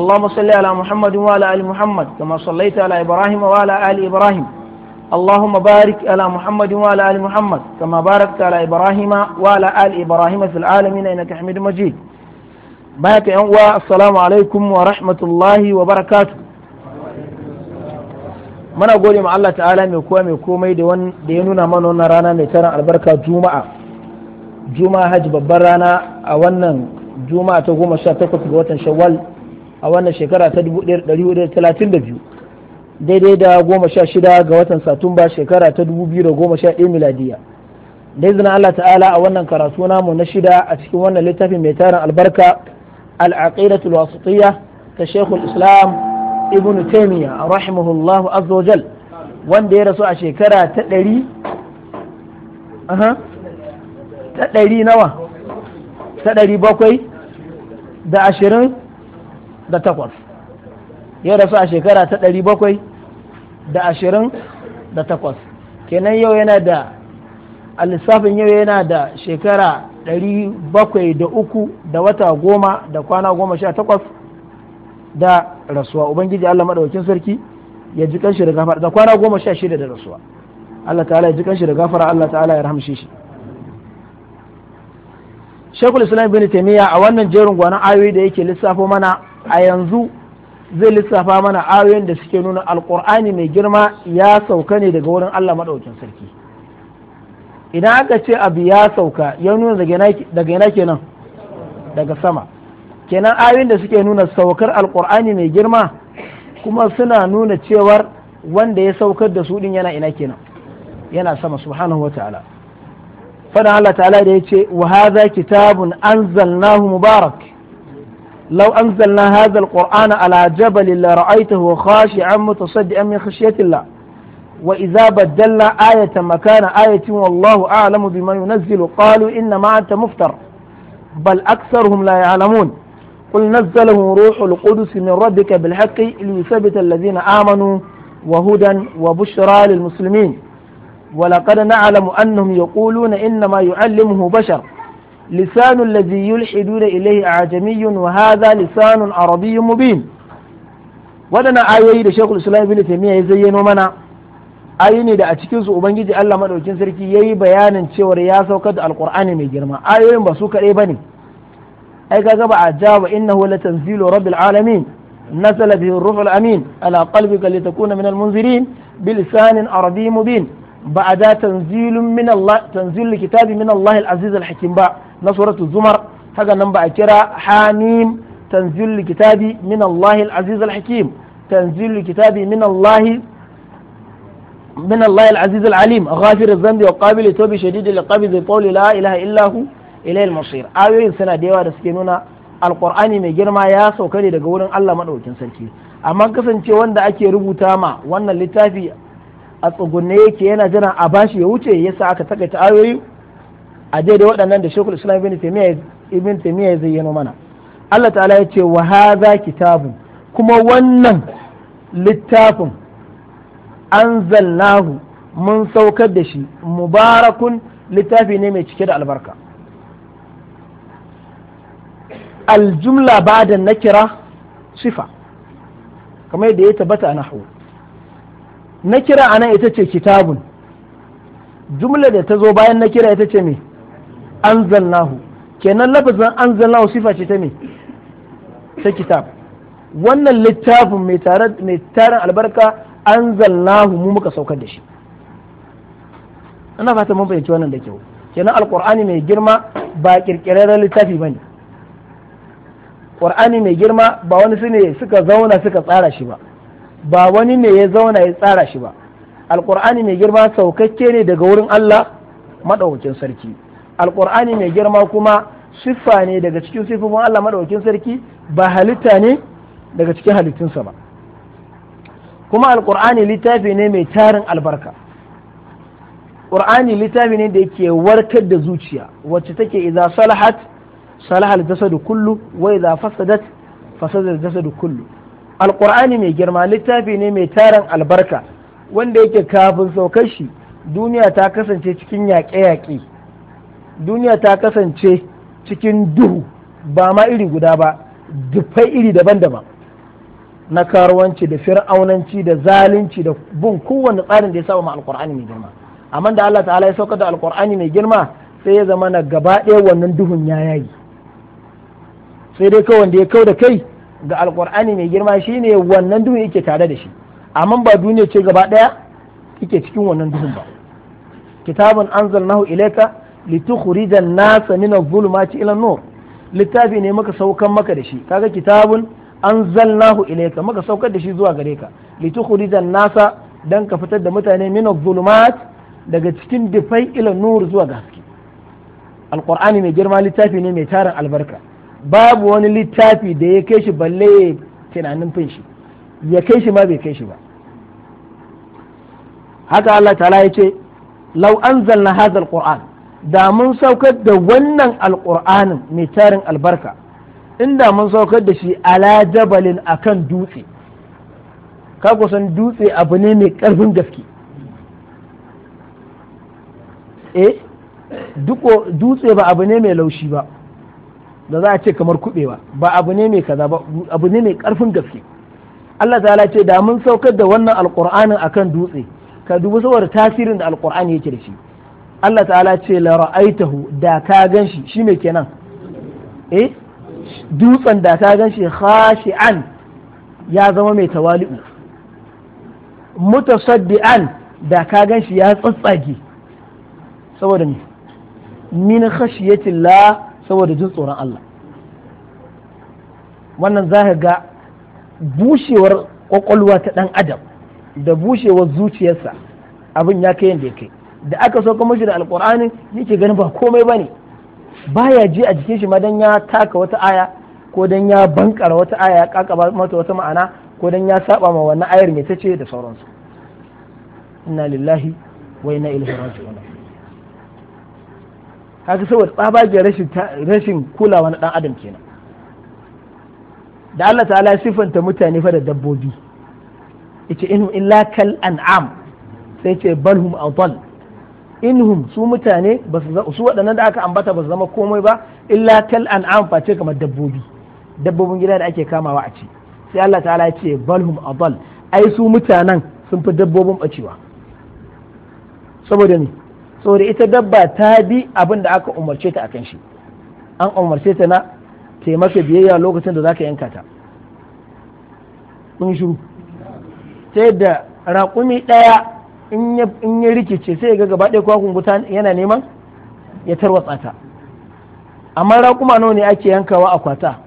اللهم صل على محمد وعلى ال محمد كما صليت على ابراهيم وعلى ال ابراهيم اللهم بارك على محمد وعلى ال محمد كما باركت على ابراهيم وعلى ال ابراهيم في العالمين انك حميد مجيد بارك يا السلام عليكم ورحمه الله وبركاته muna gode ma Allah ta'ala mai kowa mai komai da da ya nuna mana wannan rana mai tarin albarka juma'a juma'a hajji babbar rana a wannan juma'a ta goma sha takwas ga watan shawwal a wannan shekara ta 1432 daidai da goma sha shida ga watan satumba shekara ta 2011 miladiya da izinin Allah ta'ala a wannan karatu namu na shida a cikin wannan littafin mai tarin albarka al'aqidatul wasitiyya ta shekul islam ibn taymiya rahimahullahu azza wanda ya rasu a shekara ta ɗari ta ɗari nawa ta ɗari bakwai da ashirin da takwas ya rasu a shekara ta ɗari bakwai da ashirin da takwas kenan yau yana da a lissafin yau yana da shekara ɗari bakwai da uku da wata goma da kwana goma sha takwas da rasuwa ubangiji allah maɗaukin sarki ya ji kanshi da gafara da kwana goma sha shida da rasuwa allah ta'ala ya ji kanshi da gafara allah ta'ala ya rahamshe shi shekul islam bin taimiyya a wannan jerin gwanon ayoyi da yake lissafo mana a yanzu zai lissafa mana ayoyin da suke nuna alkur'ani mai girma ya sauka ne daga wurin Allah maɗaukin sarki idan aka ce abu ya sauka ya nuna daga yana kenan daga sama kenan ayoyin da suke nuna saukar alkur'ani mai girma kuma suna nuna cewar wanda ya saukar da su din yana ina kenan yana sama subhanahu wa ta'ala fadan Allah ta'ala da ya ce wa hadha kitabun anzalnahu mubarak لو أنزلنا هذا القرآن على جبل لرأيته خاشعا متصدئا من خشية الله وإذا بدلنا آية مكان آية والله أعلم بما ينزل قالوا إنما أنت مفتر بل أكثرهم لا يعلمون قل نزله روح القدس من ربك بالحق ليثبت الذين آمنوا وهدى وبشرى للمسلمين ولقد نعلم أنهم يقولون إنما يعلمه بشر لسان الذي يلحدون إليه أعجمي وهذا لسان عربي مبين ودنا آيوي da Sheikhul Islam Ibn Taymiyyah ya zayyano mana ayoyi ne da a cikin su ubangiji Allah madaukin sarki ya yi bayanin cewar ya saukar da alkur'ani mai girma ayoyin ba su kadai bane ai kaga ba a jaba innahu latanzilu rabbil alamin nazala bihi ar-ruhul amin ala qalbika litakuna minal munzirin lisanin arabiy mubin بعد تنزيل من الله تنزيل الكتاب من الله العزيز الحكيم با نصرة الزمر هذا نمبر كرا حاميم تنزيل الكتاب من الله العزيز الحكيم تنزيل الكتاب من الله من الله العزيز العليم غافر الذنب وقابل التوب شديد العقاب ذي طول لا اله الا هو اليه المصير ayoyin سنة da yawa da suke nuna alqur'ani mai girma ya sauka ne daga wurin Allah madaukakin sarki amma kasance wanda ake rubuta ma wannan littafi a tsugunne yake yana jiran a bashi ya wuce ya sa aka takaita ayoyi a daidai waɗannan da shekul islam ibn taymiya ibn taymiya ya zayyano mana Allah ta'ala ya ce wa hadha kitabun kuma wannan littafin anzalnahu mun saukar da shi mubarakun littafi ne mai cike da albarka aljumla ba da nakira sifa kamar yadda ya tabbata a nahwu na kira anan ita ce kitabun jumla da ta zo bayan na kira ita ce me anzalnahu kenan lafazin anzalnahu sifa ce ta me ta kitab wannan littafin mai tarin albarka anzalnahu mu muka saukar da shi ina fata mun fahimci wannan da kyau kenan alqur'ani mai girma ba kirkirarren littafi bane qur'ani mai girma ba wani su ne suka zauna suka tsara shi ba ba wani ne ya zauna ya tsara shi ba alkur'ani mai girma saukakke ne daga wurin Allah maɗaukin sarki alkur'ani mai girma kuma siffa ne daga cikin siffofin Allah maɗaukin sarki ba halitta ne daga cikin halittunsa ba kuma alkur'ani littafi ne mai tarin albarka ƙur'ani littafi ne da yake warkar da zuciya wacce take idza salahat salahal jasadu kullu wa idza fasadat fasadar jasadu kullu alkur'ani mai girma littafi ne mai tarin albarka wanda yake kafin saukar shi duniya ta kasance cikin yaƙe-yaƙe duniya ta kasance cikin duhu ba ma iri guda ba dufai iri daban-daban na karuwanci da fir'aunanci da zalunci da bin kowane tsarin da ya saba ma alkur'ani mai girma amma da Allah ta'ala ya saukar da alkur'ani mai girma sai ya zama na gaba ɗaya wannan duhun ya yayi sai dai kawai da ya kau da kai ga alkur'ani mai girma shine wannan duhun yake tare da shi amma ba duniya ce gaba daya yake cikin wannan duhun ba kitabun anzalnahu ilayka litukhrijan nasa min adh-dhulumati ila nur littafi ne maka saukan maka da shi kaga kitabun nahu ilayka maka saukar da shi zuwa gare ka litukhrijan nasa dan ka fitar da mutane min adh-dhulumat daga cikin difai ila nur zuwa ga haske mai girma littafi ne mai tarin albarka babu wani littafi da ya kai shi balle tunanin fin shi ya kai shi ma bai kai shi ba haka Allah ta'ala ya ce lau anzalna hadha alquran da mun saukar da wannan alqur'anin mai tarin albarka inda mun saukar da shi ala jabalin akan dutse ka san dutse abu ne mai karfin gaske eh dutse ba abu ne mai laushi ba da za a ce kamar kuɓewa. ba abu ne mai kaza ba abu ne mai karfin gaske Allah ta'ala ce da mun saukar da wannan alqur'anin akan dutse ka dubi saboda tasirin da alqur'ani yake da shi Allah ta'ala ce la ra'aitahu da ka ganshi shi me kenan eh dutsen da ka ganshi khashi'an ya zama mai tawali'u mutasaddian da ka ganshi ya tsatsage saboda ni. min khashiyatillah saboda jin tsoron Allah wannan za ga bushewar kwakwalwa ta ɗan adam da bushewar zuciyarsa abin ya kai yadda ya kai da aka so kuma shi da alkur'ani yake ganin ba komai ba ne baya ji a jikin shi ma dan ya taka wata aya ko dan ya bankara wata aya ya kakaba mata wata ma'ana ko dan ya saɓa ma wannan ayar mai ce da sauransu inna lillahi wa inna ilaihi raji'un kaga saboda tsabagen rashin rashin kulawa na dan adam kenan da Allah ta'ala ya sifanta mutane fa da dabbobi yace inhum illa kal an'am sai ce balhum adall inhum su mutane ba su su waɗannan da aka ambata ba su zama komai ba illa kal an'am face kamar dabbobi dabbobin gida da ake kamawa a ci sai Allah ta'ala ya ce balhum adall ai su mutanen sun fi dabbobin bacewa saboda ne saboda ita dabba ta bi abin da aka umarce ta akan shi an umarce ta na taimaka biyayya lokacin da zaka yanka ta kun ta yadda raƙumi ɗaya in ya rikice sai ya ga gaba ɗaya kwakwun guta yana neman ya tarwatsa ta amma raƙuma nawa ne ake yankawa a kwata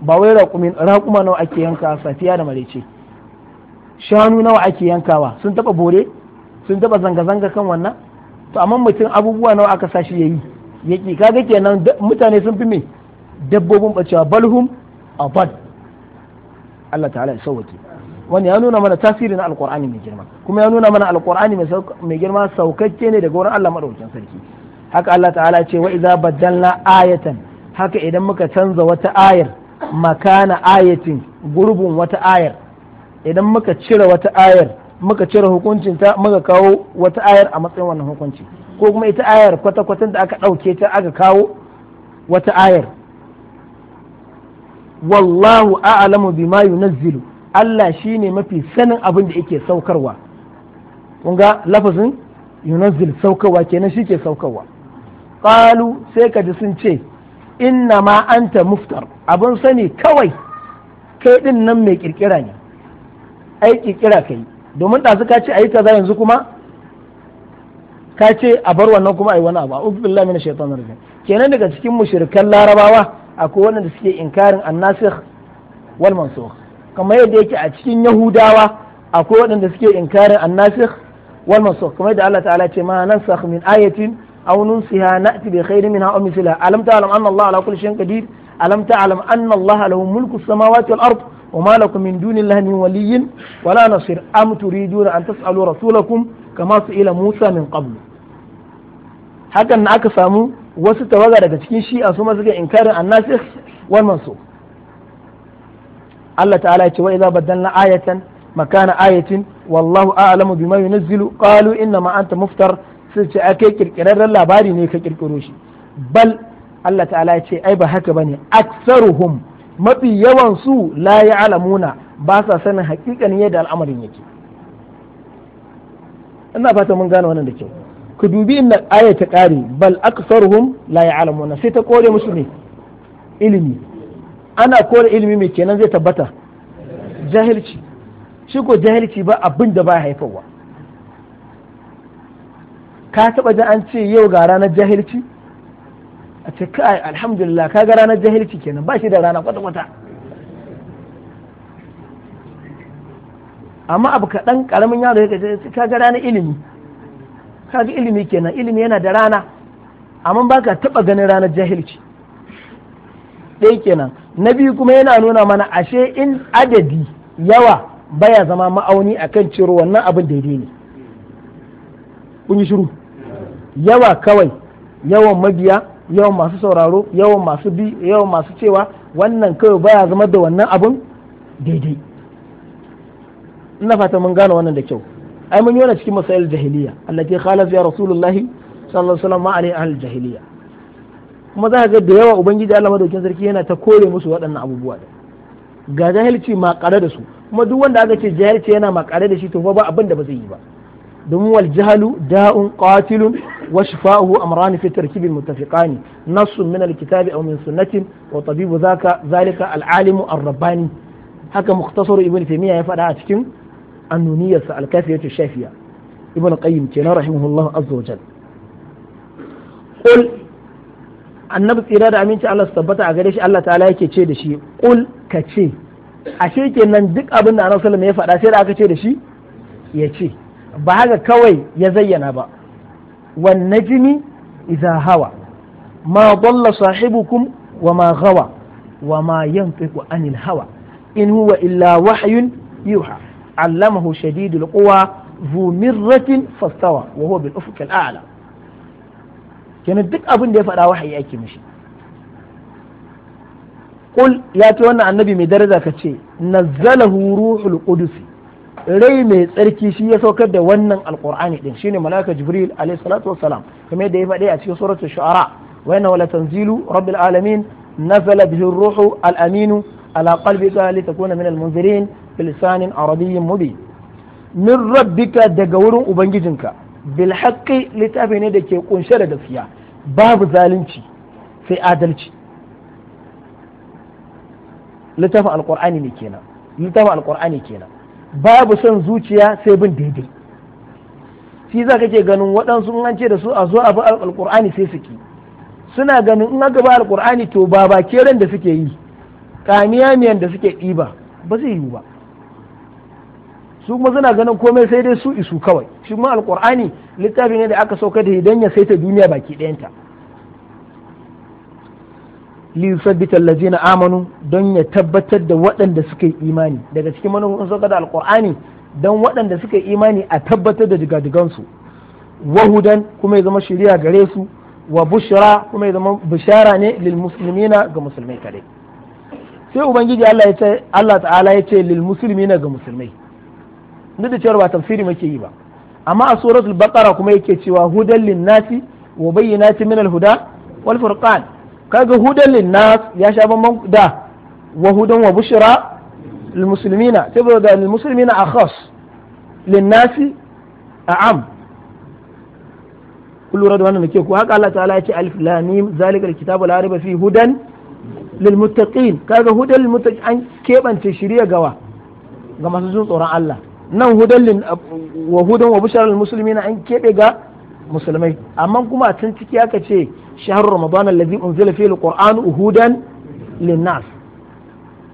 ba wai raƙumi raƙuma nawa ake yankawa safiya da marece shanu nawa ake yankawa sun taɓa bore sun taɓa zanga-zanga kan wannan to amma mutum abubuwa nawa aka sashi yayi yaki kaga kenan mutane sun fi me dabbobin bacewa balhum abad Allah ta'ala ya sauwake wani ya nuna mana tasiri na mai girma kuma ya nuna mana alkur'ani mai girma saukakke ne daga wurin Allah madaukakin sarki haka Allah ta'ala ce wa idza badalna ayatan haka idan muka canza wata ayar makana ayatin gurbin wata ayar idan muka cire wata ayar muka cire hukuncin ta muka kawo wata ayar a matsayin wannan hukunci ko kuma ita ayar kwata-kwatan da aka ɗauke ta aka kawo wata ayar wallahu a'lamu bima yunazzilu Allah shine mafi sanin abin da yake saukarwa kun ga lafazin yunazzil saukarwa kenan shi ke saukarwa qalu sai ka ji sun ce inna ma anta muftar Abun sani kawai kai din nan mai kirkira ne ai kirkira kai domin ɗazu ka ce a yi kaza yanzu kuma ka ce a bar wannan kuma a yi wani abu a ubi billahi min shaitan rajim kenan daga cikin mushrikan larabawa akwai waɗanda suke inkarin annasikh wal mansukh kamar yadda yake a cikin yahudawa akwai waɗanda suke inkarin annasikh wal mansukh kamar yadda Allah ta'ala ce ma nansakh min ayatin aw nunsiha na'ti bi khairin minha aw mithlaha alam ta'lam anna Allah ala kulli shay'in qadir alam ta'lam anna Allah lahu mulku samawati wal ardh وما لكم من دون الله من ولي ولا نصير أم تريدون أن تسألوا رسولكم كما سئل موسى من قبل hakan na aka samu wasu tawaga daga cikin shi'a su ma suka inkarin annasikh wal mansukh Allah ta'ala ya ce wa idza badalna ayatan makana ayatin wallahu a'lamu bima yunzilu qalu inna ma anta muftar sai ce ake kirkirarren labari ne ka kirkiro shi bal Allah ta'ala ya ce ai ba haka bane aktsaruhum mafi yawan su la ya alamuna ba sa sanin hakikanin yadda al'amarin yake ina fata mun gane wannan da kyau ku dubi inna aya ta kare bal aksaruhum la ya alamuna sai ta kore musu ne ilimi ana kore ilimi mai kenan zai tabbata jahilci shi ko jahilci ba abin da ba haifarwa ka taba ji an ce yau ga ranar jahilci a ce kai alhamdulillah kaga ranar jahilci kenan ba shi da rana kwata-kwata amma abu kaɗan ƙaramin yaro ya kaga ranar ilimi kaga ilimi kenan ilimi yana da rana amma ba ka taɓa ganin ranar jahilci ɗaya kenan na biyu kuma yana nuna mana ashe in adadi yawa baya zama ma'auni akan ciro wannan abin daidai ne kun yi shiru yawa kawai yawan mabiya yawan masu sauraro yawan masu bi yawan masu cewa wannan kawai baya zama da wannan abun daidai ina fata mun gane wannan da kyau ai mun yi wani cikin masayar jahiliya allati khalaf ya rasulullahi sallallahu alaihi wasallam ma'ali ahl jahiliya kuma za ka ga da yawa ubangiji Allah madaukin sarki yana ta kore musu waɗannan abubuwa da ga jahilci makare da su kuma duk wanda aka ce jahilci yana makare da shi to ba abin da ba zai yi ba domin wal jahalu da'un qatilun wa shifa'uhu amrani fi tarkibi muttafiqani nassun min alkitabi aw min sunnatin wa tabibu zaka zalika al-alimu ar-rabbani haka mukhtasar ibn taymiya ya fada a cikin annuniyarsa al-kafiyatu shafiya ibn qayyim kenan rahimahullah azza wa jalla qul annabi tsira da aminci Allah su tabbata a gare shi Allah ta'ala yake ce da shi qul ka ce ashe kenan duk abin da annabi sallallahu alaihi wasallam ya faɗa sai da aka ce da shi ya ce ba haka kawai ya zayyana ba wanne jini iza hawa ma dalla sahibukum wa ma gawa wa ma yanfiqu anil hawa in huwa illa wahyun yuha allamahu shadidul quwa ذو مرة فاستوى وهو بالأفق ala kenan duk abin da ya faɗa wahayi ake mishi qul ya ce wannan annabi mai daraja ka ce nazzalahu ruhul qudus rai mai tsarki shi ya saukar da wannan alkur'ani din shine malaika jibril alaihi salatu wassalam kamar da ya faɗi a cikin suratul shu'ara wa inna wala tanzilu rabbil alamin nazala bihi ruhu al aminu ala qalbika litakuna min al munzirin bilisanin arabiyyin mubin min rabbika daga wurin ubangijinka bil haqqi litafi ne da ke kunshe da gaskiya babu zalunci sai adalci littafin alkur'ani ne kenan littafin kenan babu son zuciya sai bin daidai shi za ka ke ganin waɗansu an ce da su a zo a bi alƙur'ani sai suke suna ganin in aka ba alƙur'ani to ba ba keren da suke yi kamiya miyan da suke ɗiba ba zai yiwu ba su kuma suna ganin komai sai dai su isu kawai shi kuma alƙur'ani littafi ne da aka sauka da idan ya saita duniya baki ɗayanta liyusabbita allazina amanu don ya tabbatar da waɗanda suka yi imani daga cikin manufofin sauka da alqur'ani don waɗanda suka yi imani a tabbatar da digadigansu wahudan kuma ya zama shari'a gare su wa bushra kuma ya zama bishara ne lil muslimina ga musulmai kadai sai ubangiji Allah ya ce Allah ta'ala ya ce lil muslimina ga musulmai duk da cewa ba tafsiri muke yi ba amma a suratul baqara kuma yake cewa hudan lin nasi wa bayyinatin min al huda wal furqan kaga hudan linnas ya sha bamban da wa hudan wa bushra lil muslimina saboda lil muslimina akhas lin nasi a'am kullu radu wannan nake ko haka Allah ta'ala ya ce alif lam mim zalika alkitabu la raiba fi hudan lil muttaqin kaga hudan lil muttaqin an kebance shirya gawa ga masu jin tsoron Allah nan hudan wa hudan wa bushra lil muslimina an kebe ga musulmai amma kuma a can ciki aka ce shahar ramadan allazi unzila fihi alquran hudan linnas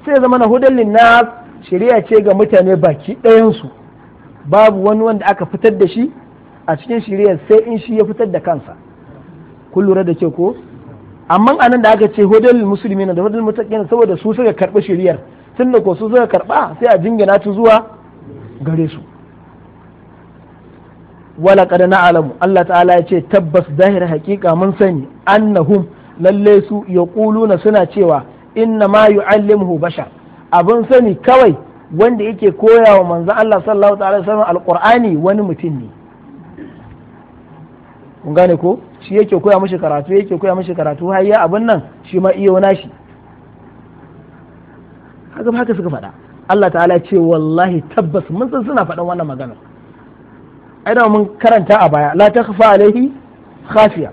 sai zama na hudan linnas shari'a ce ga mutane baki ɗayansu babu wani wanda aka fitar da shi a cikin shari'a sai in shi ya fitar da kansa kun lura da ke ko amma anan da aka ce hudan na da hudan mutaqina saboda su suka karɓi shari'ar tunda ko su suka karɓa sai a jingina ta zuwa gare su wala kad na'lamu Allah ta'ala ya ce tabbas zahir hakika mun sani annahum lalle su yaquluna suna cewa inna ma yu'allimuhu bashar abun sani kawai wanda yake koya wa manzo Allah sallallahu ta'ala alaihi alqur'ani wani mutum ne kun gane ko shi yake koya mishi karatu yake koya mishi karatu har ya abin nan shi ma iyo nashi haka haka suka faɗa Allah ta'ala ce wallahi tabbas mun san suna faɗan wannan magana ana mun karanta a baya la kafa alaihi khafiya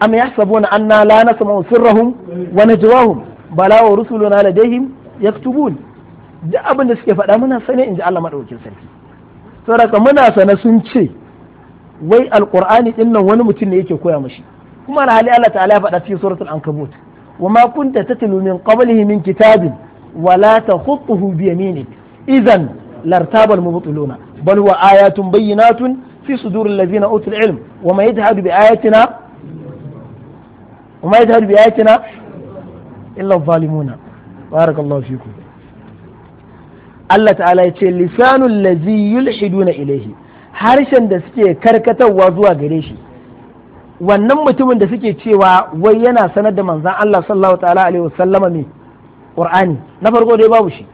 am yahsabuna anna la nasma'u sirrahum wa najwahum bala wa rusuluna ladaihim yaktubun duk abin da suke faɗa muna sane in ji Allah madaukakin sarki saboda muna sane sun ce wai alqur'ani din nan wani mutum ne yake koya mashi kuma hali Allah ta'ala ya faɗa cikin suratul ankabut wa ma kunta tatlu min qablihi min kitabin wala ta takhutuhu bi yaminik idan lartabal mubtiluna bal wa ayatun bayyinatun fi suduril ladzina utul ilm wa ma yajhadu bi ayatina wa ma yajhadu bi ayatina illa zalimuna barakallahu fikum Allah ta'ala ya ce lisanun ladzi yulhiduna ilaihi harshen da suke karkatarwa zuwa gare shi wannan mutumin da suke cewa wai yana sanar da manzan Allah sallallahu ta'ala alaihi wasallama ne ƙur'ani na farko dai babu shi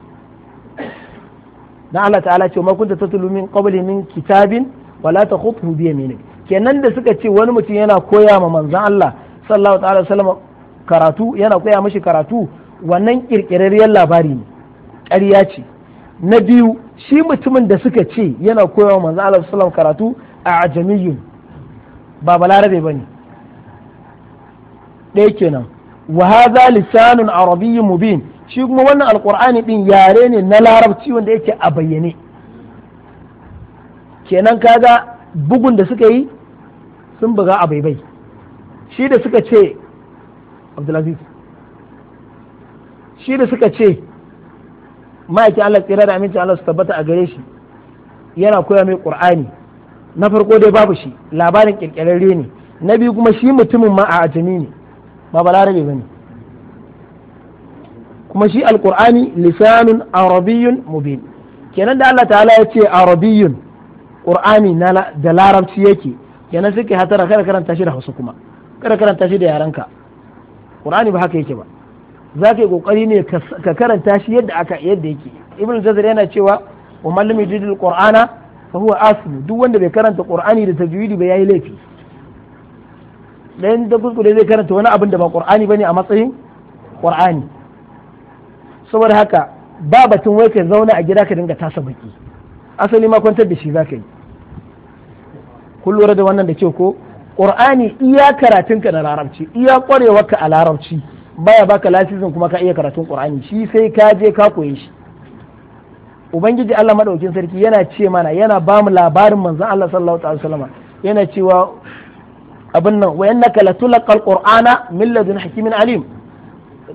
Na Allah ta'ala ce ma kunta tatlu min qabli min kitabin wala takhutu bi yaminik kenan da suka ce wani mutum yana koya ma manzon Allah sallallahu ta'ala wasallam karatu yana koya mashi karatu wannan kirkirarriyar labari ne ƙarya ce na biyu shi mutumin da suka ce yana koya ma manzon Allah sallallahu karatu a ajamiyyun ba balarabe bane ɗaya kenan wa hadha lisanun arabiyyun mubin shi kuma wannan alkur'ani ɗin yare ne na larabci wanda yake a bayyane kenan kaga bugun da suka yi sun buga a baibai shi da suka ce abdulaziz shi da suka ce ma'aikin Allah tsira da amincin Allah su tabbata a gare shi yana koya mai ƙur'ani na farko dai babu shi labarin kirkirarre ne na biyu kuma shi mutumin ma a ajami ne ba larabe ba ne kuma shi alqur'ani lisanun arabiyyun mubin kenan da Allah ta'ala ya ce arabiyyun qur'ani da larabci yake kenan suke hatara kada karanta shi da hausa kuma kada karanta shi da yarenka qur'ani ba haka yake ba za ka yi kokari ne ka karanta shi yadda aka yadda yake ibn jazir yana cewa wa mallami lam qur'ana fa huwa aslu duk wanda bai karanta qur'ani da tajwidi ba yayi laifi dan da kuskure zai karanta wani abin da ba qur'ani bane a matsayin qur'ani saboda haka ba batun wai ka zauna a gida ka dinga tasa baki asali ma kwantar da shi za ka yi kun da wannan da ke ko qur'ani iya karatun ka na larabci iya ka a larabci baya baka lasisin kuma ka iya karatun qur'ani shi sai ka je ka koye shi ubangiji Allah madaukin sarki yana ce mana yana ba mu labarin manzon Allah sallallahu alaihi wasallam yana cewa abin nan wa innaka latulqa alqur'ana min ladun hakimin alim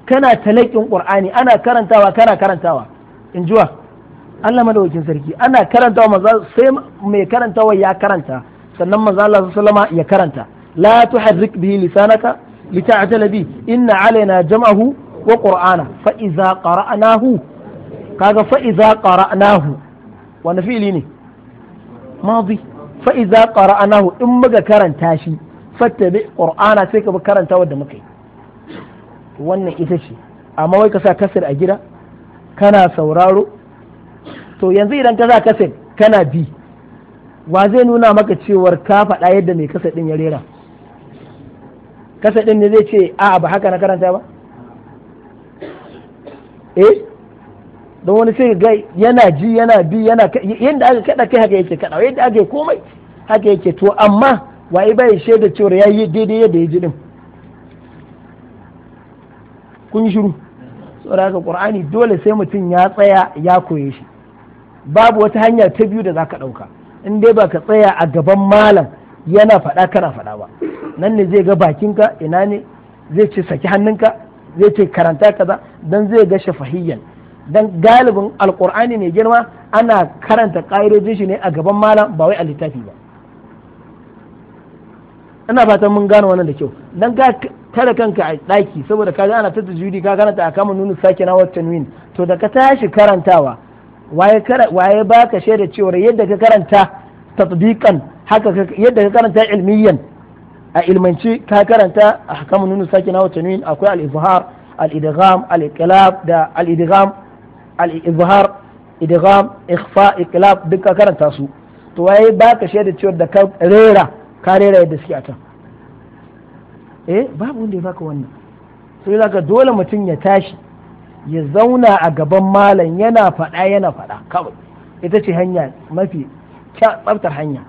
kana talakin qur'ani ana karantawa kana karantawa in jiwa Allah madaukakin sarki ana karantawa maza sai mai karantawa ya karanta sannan maza Allah sallama ya karanta la tuharrik bihi lisanaka lita'tala bi inna alaina jam'ahu wa qur'ana fa idza qara'nahu kaga fa idza qara'nahu wani fi'ili ne madi fa idza qara'nahu in muka karanta shi fattabi qur'ana sai ka bi karantawa da muka yi wannan ita ce amma wai ka sa kasir a gida kana sauraro to yanzu idan ka sa kasir kana bi wa zai nuna maka cewar ka faɗa yadda mai kasir ɗin ya rera kasir ɗin ne zai ce a ba haka na karanta ba eh don wani sai ga yana ji yana bi yana yadda aka kada kai haka yake kada yadda aka komai haka yake to amma waye bai shaida ya yi daidai yadda ya ji din kun yi shiru saboda haka qur'ani dole sai mutum ya tsaya ya koye shi babu wata hanya ta biyu da zaka dauka in dai baka tsaya a gaban malam yana faɗa kana faɗa ba nan ne zai ga bakinka ina ne zai ce saki hannunka zai ce karanta kaza dan zai ga shafahiyyan dan galibin alqur'ani mai girma ana karanta ƙa'idojin shi ne a gaban malam ba wai a littafi ba ina fatan mun gane wannan da kyau dan ga kada kanka a ɗaki saboda ka ana ta tajwidi ka karanta a kama nunu sake na wata nuyin to da ka tashi karantawa waye ka shaida cewar yadda ka karanta tatbiqan haka yadda ka karanta ilmiyan a ilmanci ka karanta a kama nunu sake na wata nuyin akwai al-izhar al-idgham al-iqlab da al-idgham al-izhar idgham ikhfa iqlab duk ka karanta su to waye ka shaida cewar da ka rera ka rera yadda suke a can eh babu wanda ya baka wannan sai zaka dole mutum ya tashi ya zauna a gaban malam yana faɗa yana faɗa kawai ita ce hanya mafi tsabtar hanya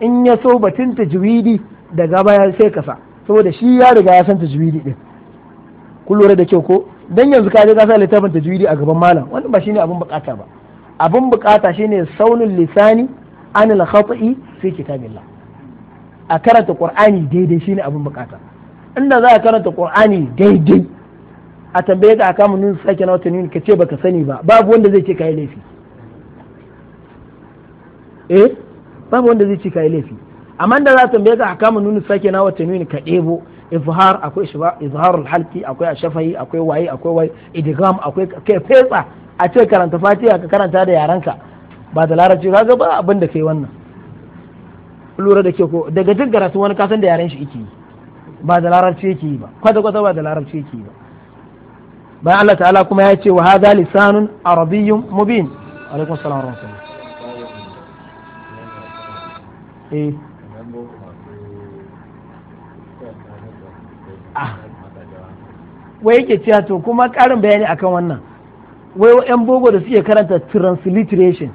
in ya so batun da daga baya sai kasa saboda shi ya riga ya san tajwidi din kun lura da kyau ko dan yanzu ka je ka sa littafin a gaban malam wannan ba shine abin bukata ba abin bukata shine saunul lisani anil khata'i fi kitabillah a karanta qur'ani daidai shine abin bukata inda za ka karanta qur'ani daidai a tambaye ka aka mun sake na watanni ka ce baka sani ba babu wanda zai ce kai laifi eh babu wanda zai ce kai laifi amma inda za a tambaye ka aka mun sake na watanni ka ɗebo izhar akwai izharul halki akwai ashafai akwai wayi akwai waye idgham akwai kai fetsa a ce karanta fatiha ka karanta da yaranka ba da larabci kaga ba abin da kai wannan lura da ke ko daga duk garatu wani kasan da yaran shi yake yi ba da larabci yake yi ba kwata kwata ba da larabci yake yi ba bayan Allah ta'ala kuma ya ce wa hadha lisanun arabiyyun mubin alaikum salam wa rahmatullah eh ah. wai yake cewa to kuma karin bayani akan wannan wai yan bogo da suke karanta transliteration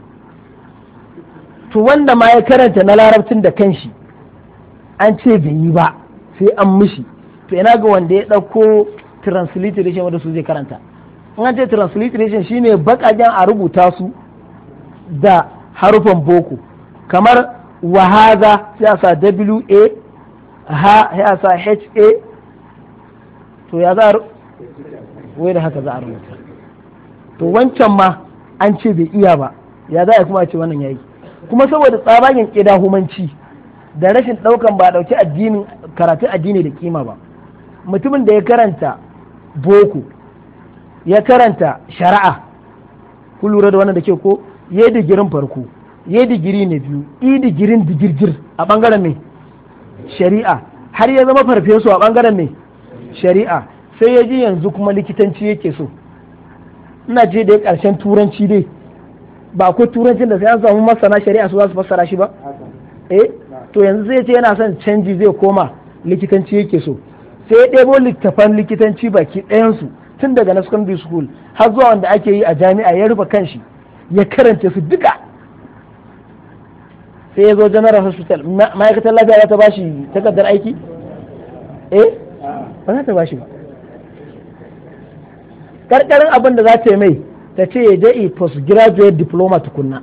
to wanda ma ya karanta na larabcin da kanshi an ce bai yi ba sai an mishi to ina ga wanda ya ɗauko transliteration wanda su zai karanta in an ce transliteration shine bakajen a rubuta su da harufan boko kamar wahaza sai a sa w a ha sai a sa h a to ya za a da haka za a rubuta to wancan ma an ce bai iya ba ya za a kuma ce wannan yayi kuma saboda tsabagen ƙidahumanci da rashin ɗaukan ba dauki addinin karatu addini da kima ba mutumin da ya karanta boko ya karanta shari'a ku lura da wannan da ke ko ya digirin farko ya digiri na biyu i digirin digirgir a bangaren mai shari'a har ya zama farfesu a bangaren mai shari'a sai ya ji yanzu kuma likitanci yake so ina je da karshen turanci dai ba ko turancin da sai an samu masana shari'a su za su fassara shi ba eh to yanzu zai ce yana son canji zai koma likitanci yake so sai ya ɗebo littafan likitanci baki ɗayansu tun daga na secondary school har zuwa wanda ake yi a jami'a ya rufe kanshi ya karanta su duka sai ya zo general hospital ma'aikatar lafiya za ta bashi takardar aiki eh ba za ta bashi ba karkarin abin da za ta yi mai ta ce ya je postgraduate diploma tukunna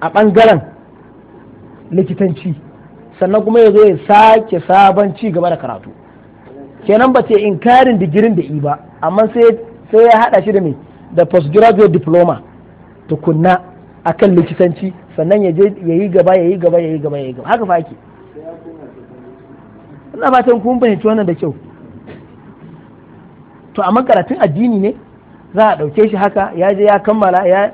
a ɓangaren likitanci sannan kuma ya zo ya sake sabon ci gaba da karatu kenan ba ce karin digirin da i ba amma sai ya hada shi da mai da postgraduate diploma tukunna akan likitanci sannan ya je ya yi gaba ya yi gaba ya yi gaba ya yi gaba haka fa ake ina fatan kun fahimci wannan da kyau to amma karatun addini ne za a ɗauke shi haka ya je ya kammala ya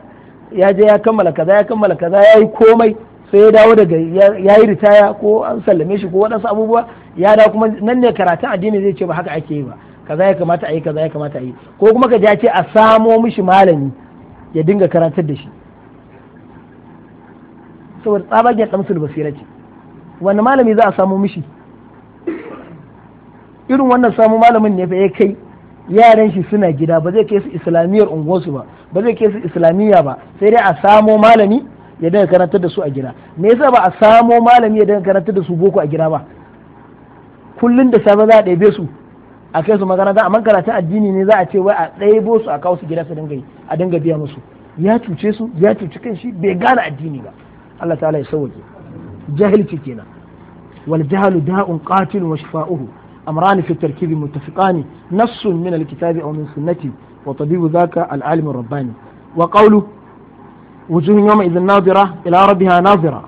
je ya kammala kaza ya kammala kaza ya yi komai sai ya dawo daga ya yi ritaya ko an sallame shi ko waɗansu abubuwa ya dawo kuma nan ne karatun addini zai ce ba haka ake yi ba kaza ya kamata a yi kaza ya kamata a yi ko kuma ka ce a samo mishi malami ya dinga karantar da shi saboda tsabagen damsul basira ce wani malami za a samo mishi irin wannan samu malamin ne ya kai yaran shi suna gida ba zai kai su islamiyyar unguwarsu ba ba zai kai su islamiyya ba sai dai a samo malami ya dinga karantar da su a gida me yasa ba a samo malami ya dinga karantar da su boko a gida ba kullun da safe za a ɗebe su a kai su makaranta amma karatun addini ne za a ce wai a ɗebo su a kawo su gida su dinga yi a dinga biya musu ya cuce su ya cuci kan shi bai gane addini ba Allah ta'ala ya sauke jahilci kenan wal jahlu da'un qatil wa shifa'uhu amrani fi tarkibi muttafiqani nassun min al-kitabi aw min sunnati wa tabibu zaka al-alim rabbani wa qawlu وجوه يومئذ ناظرة إلى ربها ناظرة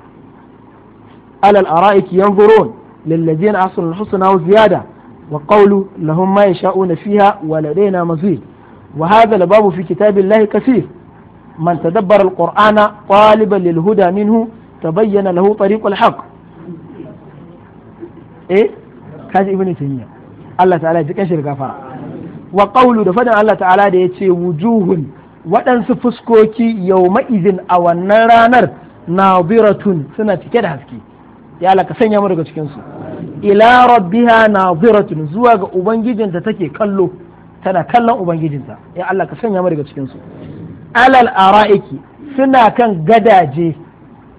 على الأرائك ينظرون للذين أحسنوا الحسنى وزيادة وقولوا لهم ما يشاءون فيها ولدينا مزيد وهذا لباب في كتاب الله كثير من تدبر القرآن طالبا للهدى منه تبين له طريق الحق إيه هذا ابن تيمية الله تعالى يجزيك شركة فرع وقوله دفدن الله تعالى ده يتشي وجوه waɗansu fuskoki yau ma'izin a wannan ranar na biratun suna cike da haske ya laka sanya mu daga cikinsu ila rabbiha biratun zuwa ga ubangijinta take kallo tana kallon ubangijinta ya Allah ka sanya mu daga cikinsu alal ara'iki suna kan gadaje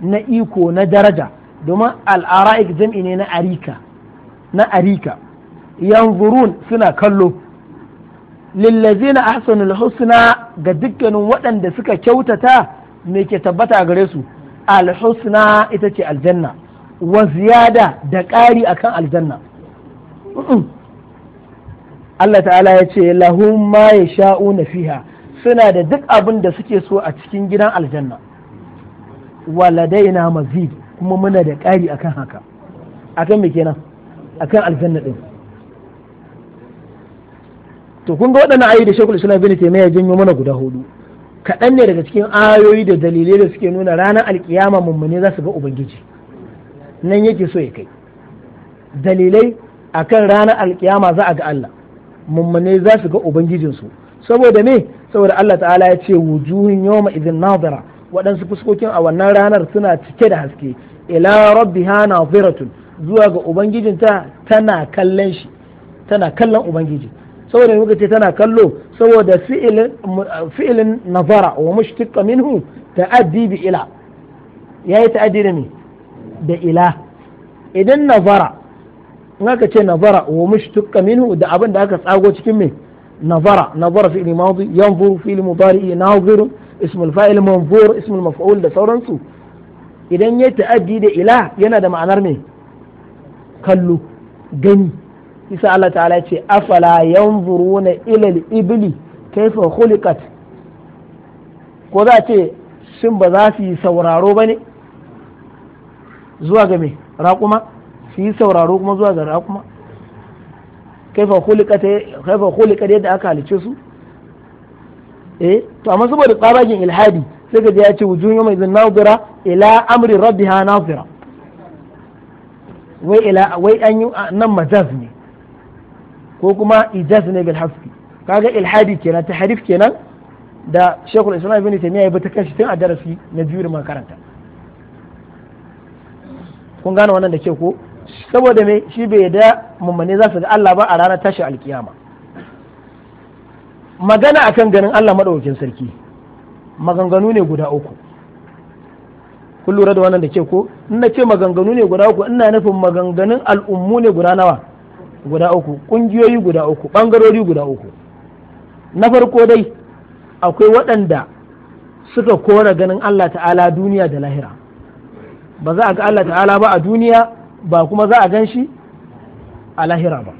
na iko na daraja domin al'ara'ik jam'i ne na arika na arika yanzurun suna kallo lillazina ahsanu husna ga dukkanin waɗanda suka kyautata me ke tabbata a gare su alhusna ita ce aljanna wa ziyada da ƙari akan aljanna Allah ta'ala ya ce lahum ma na fiha suna da duk abin da suke so a cikin gidan aljanna Waladai na mazid kuma muna da ƙari akan haka akan me kenan akan aljanna din to kun ga waɗannan ayoyi da shekul islam bin taimiyya janyo mana guda hudu kaɗan ne daga cikin ayoyi da dalilai da suke nuna ranar alkiyama mummune za su ga ubangiji nan yake so ya kai dalilai akan ranar alkiyama za a ga Allah mummune za su ga ubangijinsu saboda me saboda Allah ta'ala ya ce wujuhin yawma izin nazara waɗansu fuskokin a wannan ranar suna cike da haske ila rabbiha nadhiratun zuwa ga ubangijinta tana kallon shi tana kallon ubangiji saboda muka ce tana kallo saboda fi'ilin nazara wa mushtiqa minhu ta'addi bi ila yi ta'addi da me da ila idan nazara in aka ce nazara wa mushtiqa minhu da abin da aka tsago cikin me nazara nazara fi'il madi yanzuru fi'il mudari nazirun ismul fa'il manzur ismul maf'ul da sauransu idan ya ta'addi da ila yana da ma'anar me kallo gani isa Allah ta'ala ya ce afala yanzuruna ila al-ibli kaifa khuliqat ko za ce shin ba za su yi sauraro ba ne zuwa ga me raƙuma su yi sauraro kuma zuwa ga raƙuma kaifa hulika da yadda aka halice su eh to amma saboda tsabagin ilhadi sai ka ya ce wujun yau mai zin nazira ila amri rabbiha nazira wai ila wai an yi nan majaz ne ko kuma ijaz ne bil hafi kaga ilhadi kenan tahrif kenan da shekul islam ibn taymiya ya bi ta kanshi tun a darasi na biyu da makaranta kun gane wannan da ke ko saboda me shi bai da mummane za su ga Allah ba a ranar tashi alkiyama magana akan ganin Allah madaukakin sarki maganganu ne guda uku kun lura da wannan da ke ko in na ce maganganu ne guda uku ina nufin maganganun al'ummu ne guda nawa guda uku kungiyoyi guda uku bangarori guda uku na farko dai akwai waɗanda suka kora ganin Allah ta'ala duniya da lahira ba za a ga Allah ta'ala ba a duniya ba kuma za a gan shi a lahira ba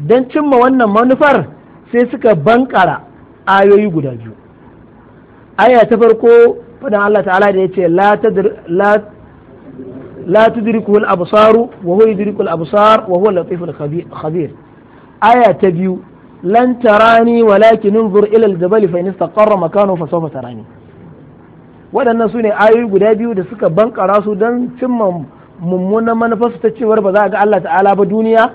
don cimma wannan manufar sai suka bankara ayoyi guda biyu aya ta farko fadan Allah ta'ala da ya ce la tudriku al absaru wa huwa yudriku al absar wa huwa latif al aya ta biyu lan tarani walakin unzur ila al jabal fa waɗannan su ne ayoyi guda biyu da suka bankara su don cimma mummunan manufarsu ta cewar ba za a ga Allah ta'ala ba duniya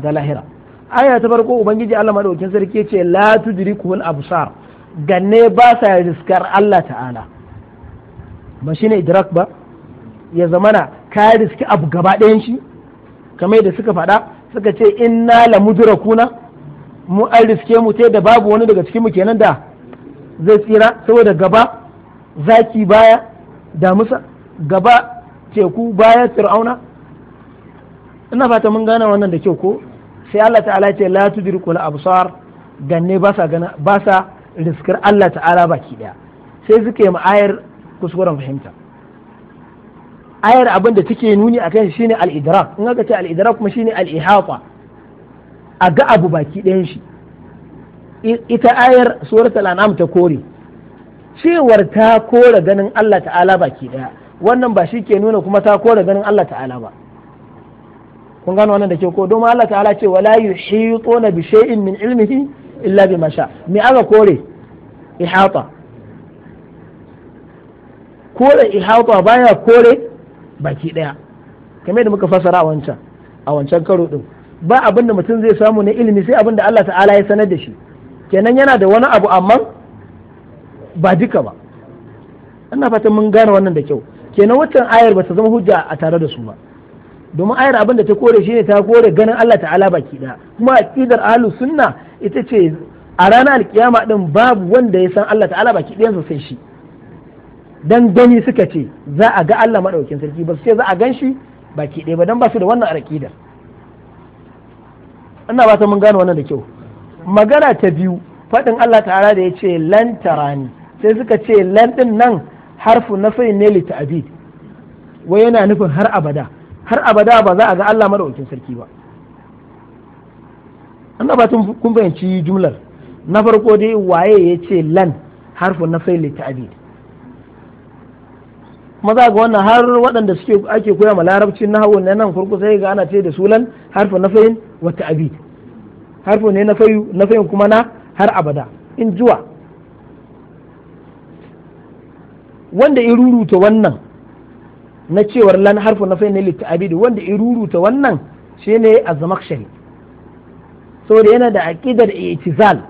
da lahira aya ta farko ubangiji Allah madaukakin sarki ce la tudrikul absar ganne ba sa riskar Allah ta'ala ba shine idrak ba ya zamana ka riski abu gaba ɗayan shi kamar da suka faɗa suka ce inna la kuna mu an riske mu ta da babu wani daga cikin mu kenan da zai tsira saboda gaba zaki baya musa gaba teku baya fir'auna ina fata mun gane wannan da kyau ko sai Allah ta'ala ce la al absar ganne ba sa gana ba sa riskar Allah ta'ala baki daya sai suka yi ma'ayar kuskuren fahimta ayar abin da take nuni a kan shine al-idrak in aka ce al-idrak kuma shine al-ihata a ga abu baki ɗayan shi ita ayar surat al-an'am ta kore cewar ta kore ganin Allah ta'ala baki ɗaya wannan ba shi ke nuna kuma ta kore ganin Allah ta'ala ba kun gano wannan da ke ko domin Allah ta'ala ce wala yuhituna bi shay'in min ilmihi illa bima sha me aka kore ihata kore ihata baya kore baki ɗaya kamar da muka fasara a wancan a wancan karo ɗin ba abin da mutum zai samu na ilimi sai abin da Allah ta'ala ya sanar da shi kenan yana da wani abu amma ba duka ba ina fatan mun gane wannan da kyau kenan wancan ayar ba ta zama hujja a tare da su ba domin ayar abin da ta kore shine ta kore ganin Allah ta'ala baki ɗaya kuma aqidar ahlus sunna ita ce a ranar alkiyama din babu wanda ya san Allah ta'ala baki sa sai shi dan gani suka ce za a ga Allah maɗaukin sarki ba su ce za a gan shi baki ɗaya ba dan ba su da wannan arakidar ina ba ta mun gano wannan da kyau magana ta biyu faɗin Allah ta'ala da ya ce lan tarani sai suka ce lan ɗin nan harfu na sai ne lita'abid wai yana nufin har abada har abada ba za a ga Allah maɗaukin sarki ba ina ba ta kun fahimci jumlar na farko dai waye ya ce lan harfu na sai lita'abid kuma za ga wannan har waɗanda suke ake koya ma larabcin na hawan nan kurkusa sai ga ana ce da sulan harfin na fayin wa ta'abid harfin ne na fayu fayin kuma na har abada in zuwa wanda ya ruruta wannan na cewar lan harfin na fayin ne litta'abid wanda ya ruruta wannan shine azzamakshari saboda yana da aqidar i'tizal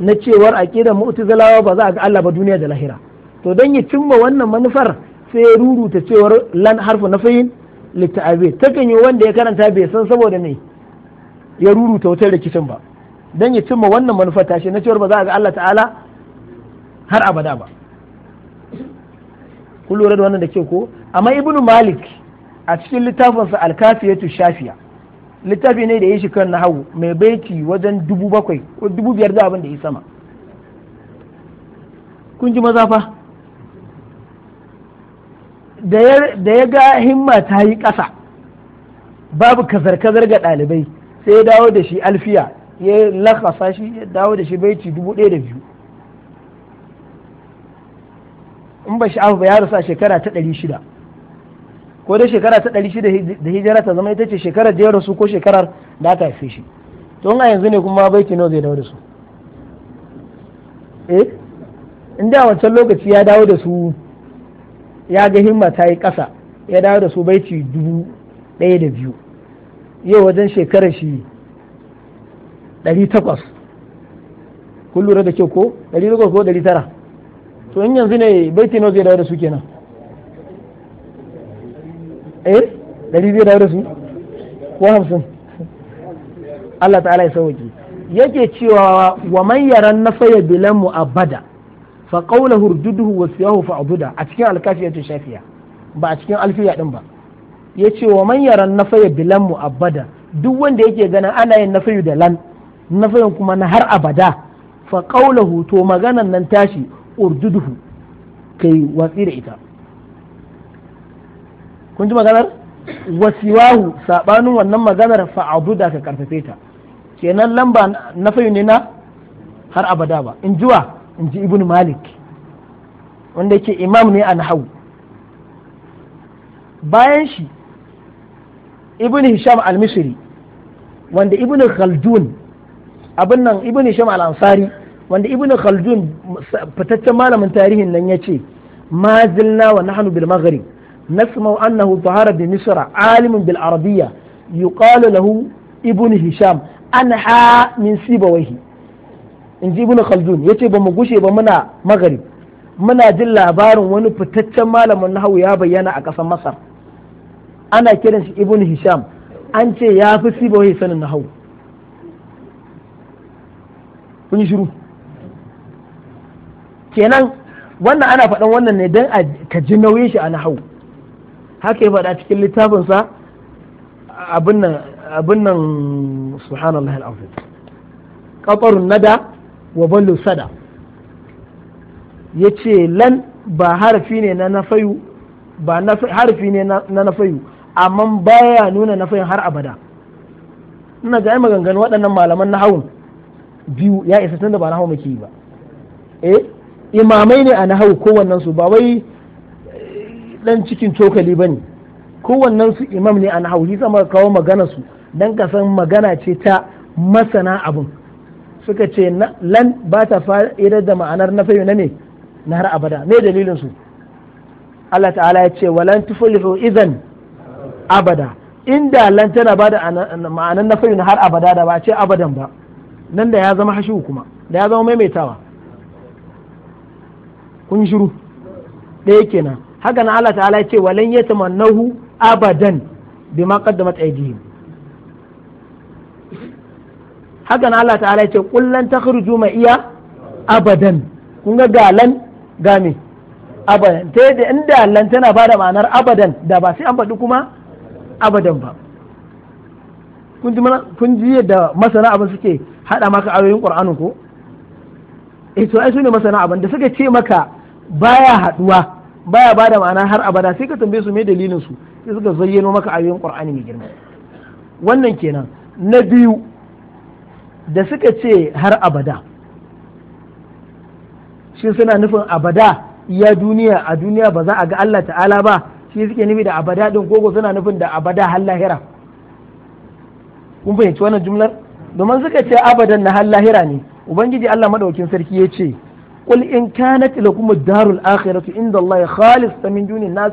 na cewar aqidar mu'tazilawa ba za a ga Allah ba duniya da lahira to don ya cimma wannan manufar sai ya ruruta cewar lan harfu na fahim littafi takan yi wanda ya karanta bai san saboda ne ya ruruta wutar rikicin ba don ya cimma wannan manufar tashi na cewar ba za a ga Allah ta'ala har abada ba kun lura da wannan da ke ko amma ibnu malik a cikin littafinsa alkafiyatu shafiya littafi ne da ya shi kan nahawu mai baiti wajen dubu bakwai ko dubu biyar da abin da ya sama kun ji mazafa da ya ga himma ta yi ƙasa babu kazar-kazar ga ɗalibai sai ya dawo da shi alfiya ya lakasa shi ya dawo da shi baiti dubu ɗaya da biyu in ba sha'afu ba ya rasu shekara ta ɗari shida ko dai shekara ta ɗari shida da hijira ta zama ita ce shekarar da ya rasu ko shekarar da aka haife shi to a yanzu ne kuma baiti nawa zai dawo da su eh in da wancan lokaci ya dawo da su ya ga himma ta yi ƙasa ya dawo da su baiti dubu ɗaya da biyu yau wajen shekarar shi ɗari takwas kun lura da kyau ko ɗari takwas ko ɗari tara to in yanzu ne baiti nawa zai dawo da su kenan eh ɗari zai dawo da su ko hamsin Allah ta'ala ya sauki yake cewa wa man yaran na faya bilan mu abada fa qawluhu urduduhu wa fa abuda a cikin alkafiyatu shafiya ba a cikin alfiya din ba yace wa man yaran nafaya bilan abada duk wanda yake ganin ana yin nafayu da lan nafayin kuma na har abada fa qawluhu to maganan nan tashi urduduhu kai watsi da ita kun ji maganar wasiwahu sabanin wannan maganar fa ka karfafe ta kenan lamba na ne na har abada ba in jiwa in ji ibn malik wanda yake imam ne a nahau bayan shi ibn hisham al-misri wanda ibn khaldun abin nan ibn hisham al-ansari wanda ibn khaldun fitaccen malamin tarihin nan ya ce ma zilna wa nahnu bil maghrib nasma'u annahu tahara bi misra alimun bil arabiyya yuqalu lahu ibn hisham anha in ji ibn khaldun ce ba mu gushe ba muna magari muna jin labarin wani fitaccen malamin nahawu ya bayyana a ƙasar masar ana kiran shi ibn hisham an ce ya fi sibawai sanin nahawu kun yi shiru kenan wannan ana faɗan wannan ne don ka ji nauyin shi a nahawu haka ya faɗa cikin littafinsa abin nan subhanallah al'afin qatarun nada wa ballo sada ya ce lan ba harafi ne na nafayu ba harfi ne na nafayu amma baya nuna nafayin har abada ina ga maganganu waɗannan malaman na hawan biyu ya isa da ba na hawa muke ba eh imamai ne a na hau kowannen su ba wai dan eh, cikin cokali bane kowannen su imam ne a na hau shi sama kawo magana su dan ka san magana ce ta masana abun suka ce lan ba ta fa'idar da ma'anar na fayu na ne na har abada me dalilin su Allah ta'ala ya ce walan tuflihu idan abada inda lan tana ba da ma'anar na fayu na har abada da ba ce abadan ba nan da ya zama hashu kuma da ya zama maimaitawa kun shiru ɗaya kenan haka na Allah ta'ala ya ce walan yatamannahu abadan bima qaddamat aydihim hakan Allah ta'ala ce kullan khurju ma iya abadan kun ga galan ga me abadan ta yadda in dalan tana ba da ma'anar abadan da ba sai an faɗi kuma abadan ba kun ji yadda masana abin suke haɗa maka ayoyin qur'anin ko eh to ai sune ne masana abin da suka ce maka baya haɗuwa baya ba da ma'ana har abada sai ka tambaye su me dalilin su sai suka zayyano maka ayoyin qur'ani mai girma wannan kenan na biyu da suka ce har abada shi suna nufin abada iya duniya a duniya ba za a ga Allah ta'ala ba shi suke nufi da abada din koko suna nufin da abada har lahira kun fahimci wannan jumlar domin suka ce abadan na har lahira ne ubangiji Allah Maɗaukin sarki ya ce قل إن كانت لكم الدار الآخرة عند الله خالصة من دون الناس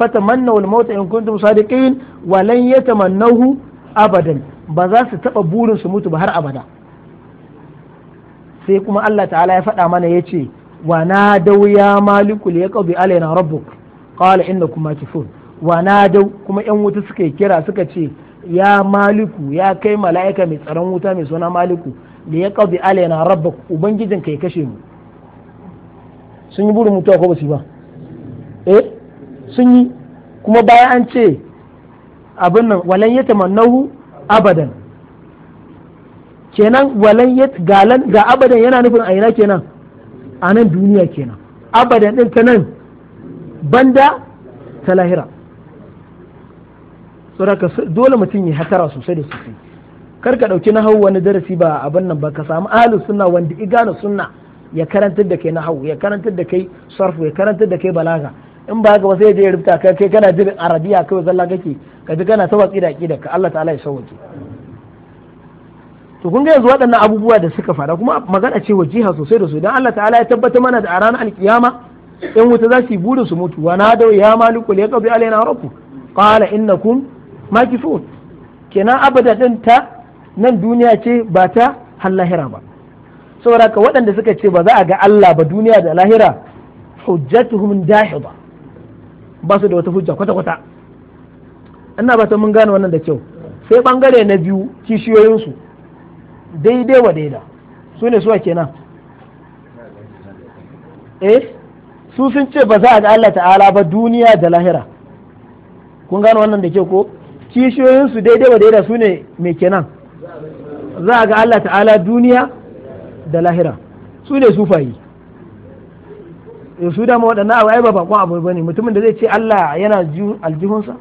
فتمنوا الموت إن كنتم صادقين ولن يتمنوه أبدا ba za su taɓa burin su mutu ba har abada sai kuma Allah ta'ala ya faɗa mana ya ce wa na dau ya maliku ya ƙaubi alaina rabbuk kuma ki makifun wa na dau kuma yan wuta suka yi kira suka ce ya maliku ya kai mala'ika mai tsaron wuta mai suna maliku da ya ƙaubi alaina rabbuk ubangijin ka ya kashe mu sun yi burin mutuwa ko ba su ba eh sun yi kuma bayan an ce abin nan walan ya tamannahu abadan kenan walan galan ga abadan yana nufin a ina kenan a nan duniya kenan abadan din ta nan banda ta lahira saboda dole mutum ya hatara sosai da sosai kar ka dauki nahawu wani darasi ba abin nan ba ka samu ahlus sunna wanda igana sunna ya karantar da kai nahawu ya karantar da kai sarfu ya karantar da kai balaga in ba ga ba sai je ya rubuta kai kai kana jin arabiya kawai zalla kake ka ji kana ta watsi da ka Allah ta'ala ya sauke to kun ga yanzu waɗannan abubuwa da suka fara kuma magana ce jiha sosai da su dan Allah ta'ala ya tabbata mana da a ranar alkiyama in wuta za su yi burin su mutu wa na nadaw ya maliku li yaqdi alaina rabbuk qala innakum makifun kenan abada ɗin ta nan duniya ce ba ta har lahira ba saboda ka waɗanda suka ce ba za a ga Allah ba duniya da lahira hujjatuhum dahida ba su da wata hujja kwata-kwata ina ba ta mun gane wannan da kyau sai bangare na biyu kishiyoyinsu daidai wa daida su ne suwa kenan eh su sun ce ba za a ga Allah ta'ala ba duniya da lahira kun gane wannan da kyau ko kishiyoyinsu daidai wa daida su ne mai kenan za a ga Allah ta'ala duniya da lahira su ne sufayi su da ma waɗannan abu ai ba bakon abu bane mutumin da zai ce Allah yana aljihunsa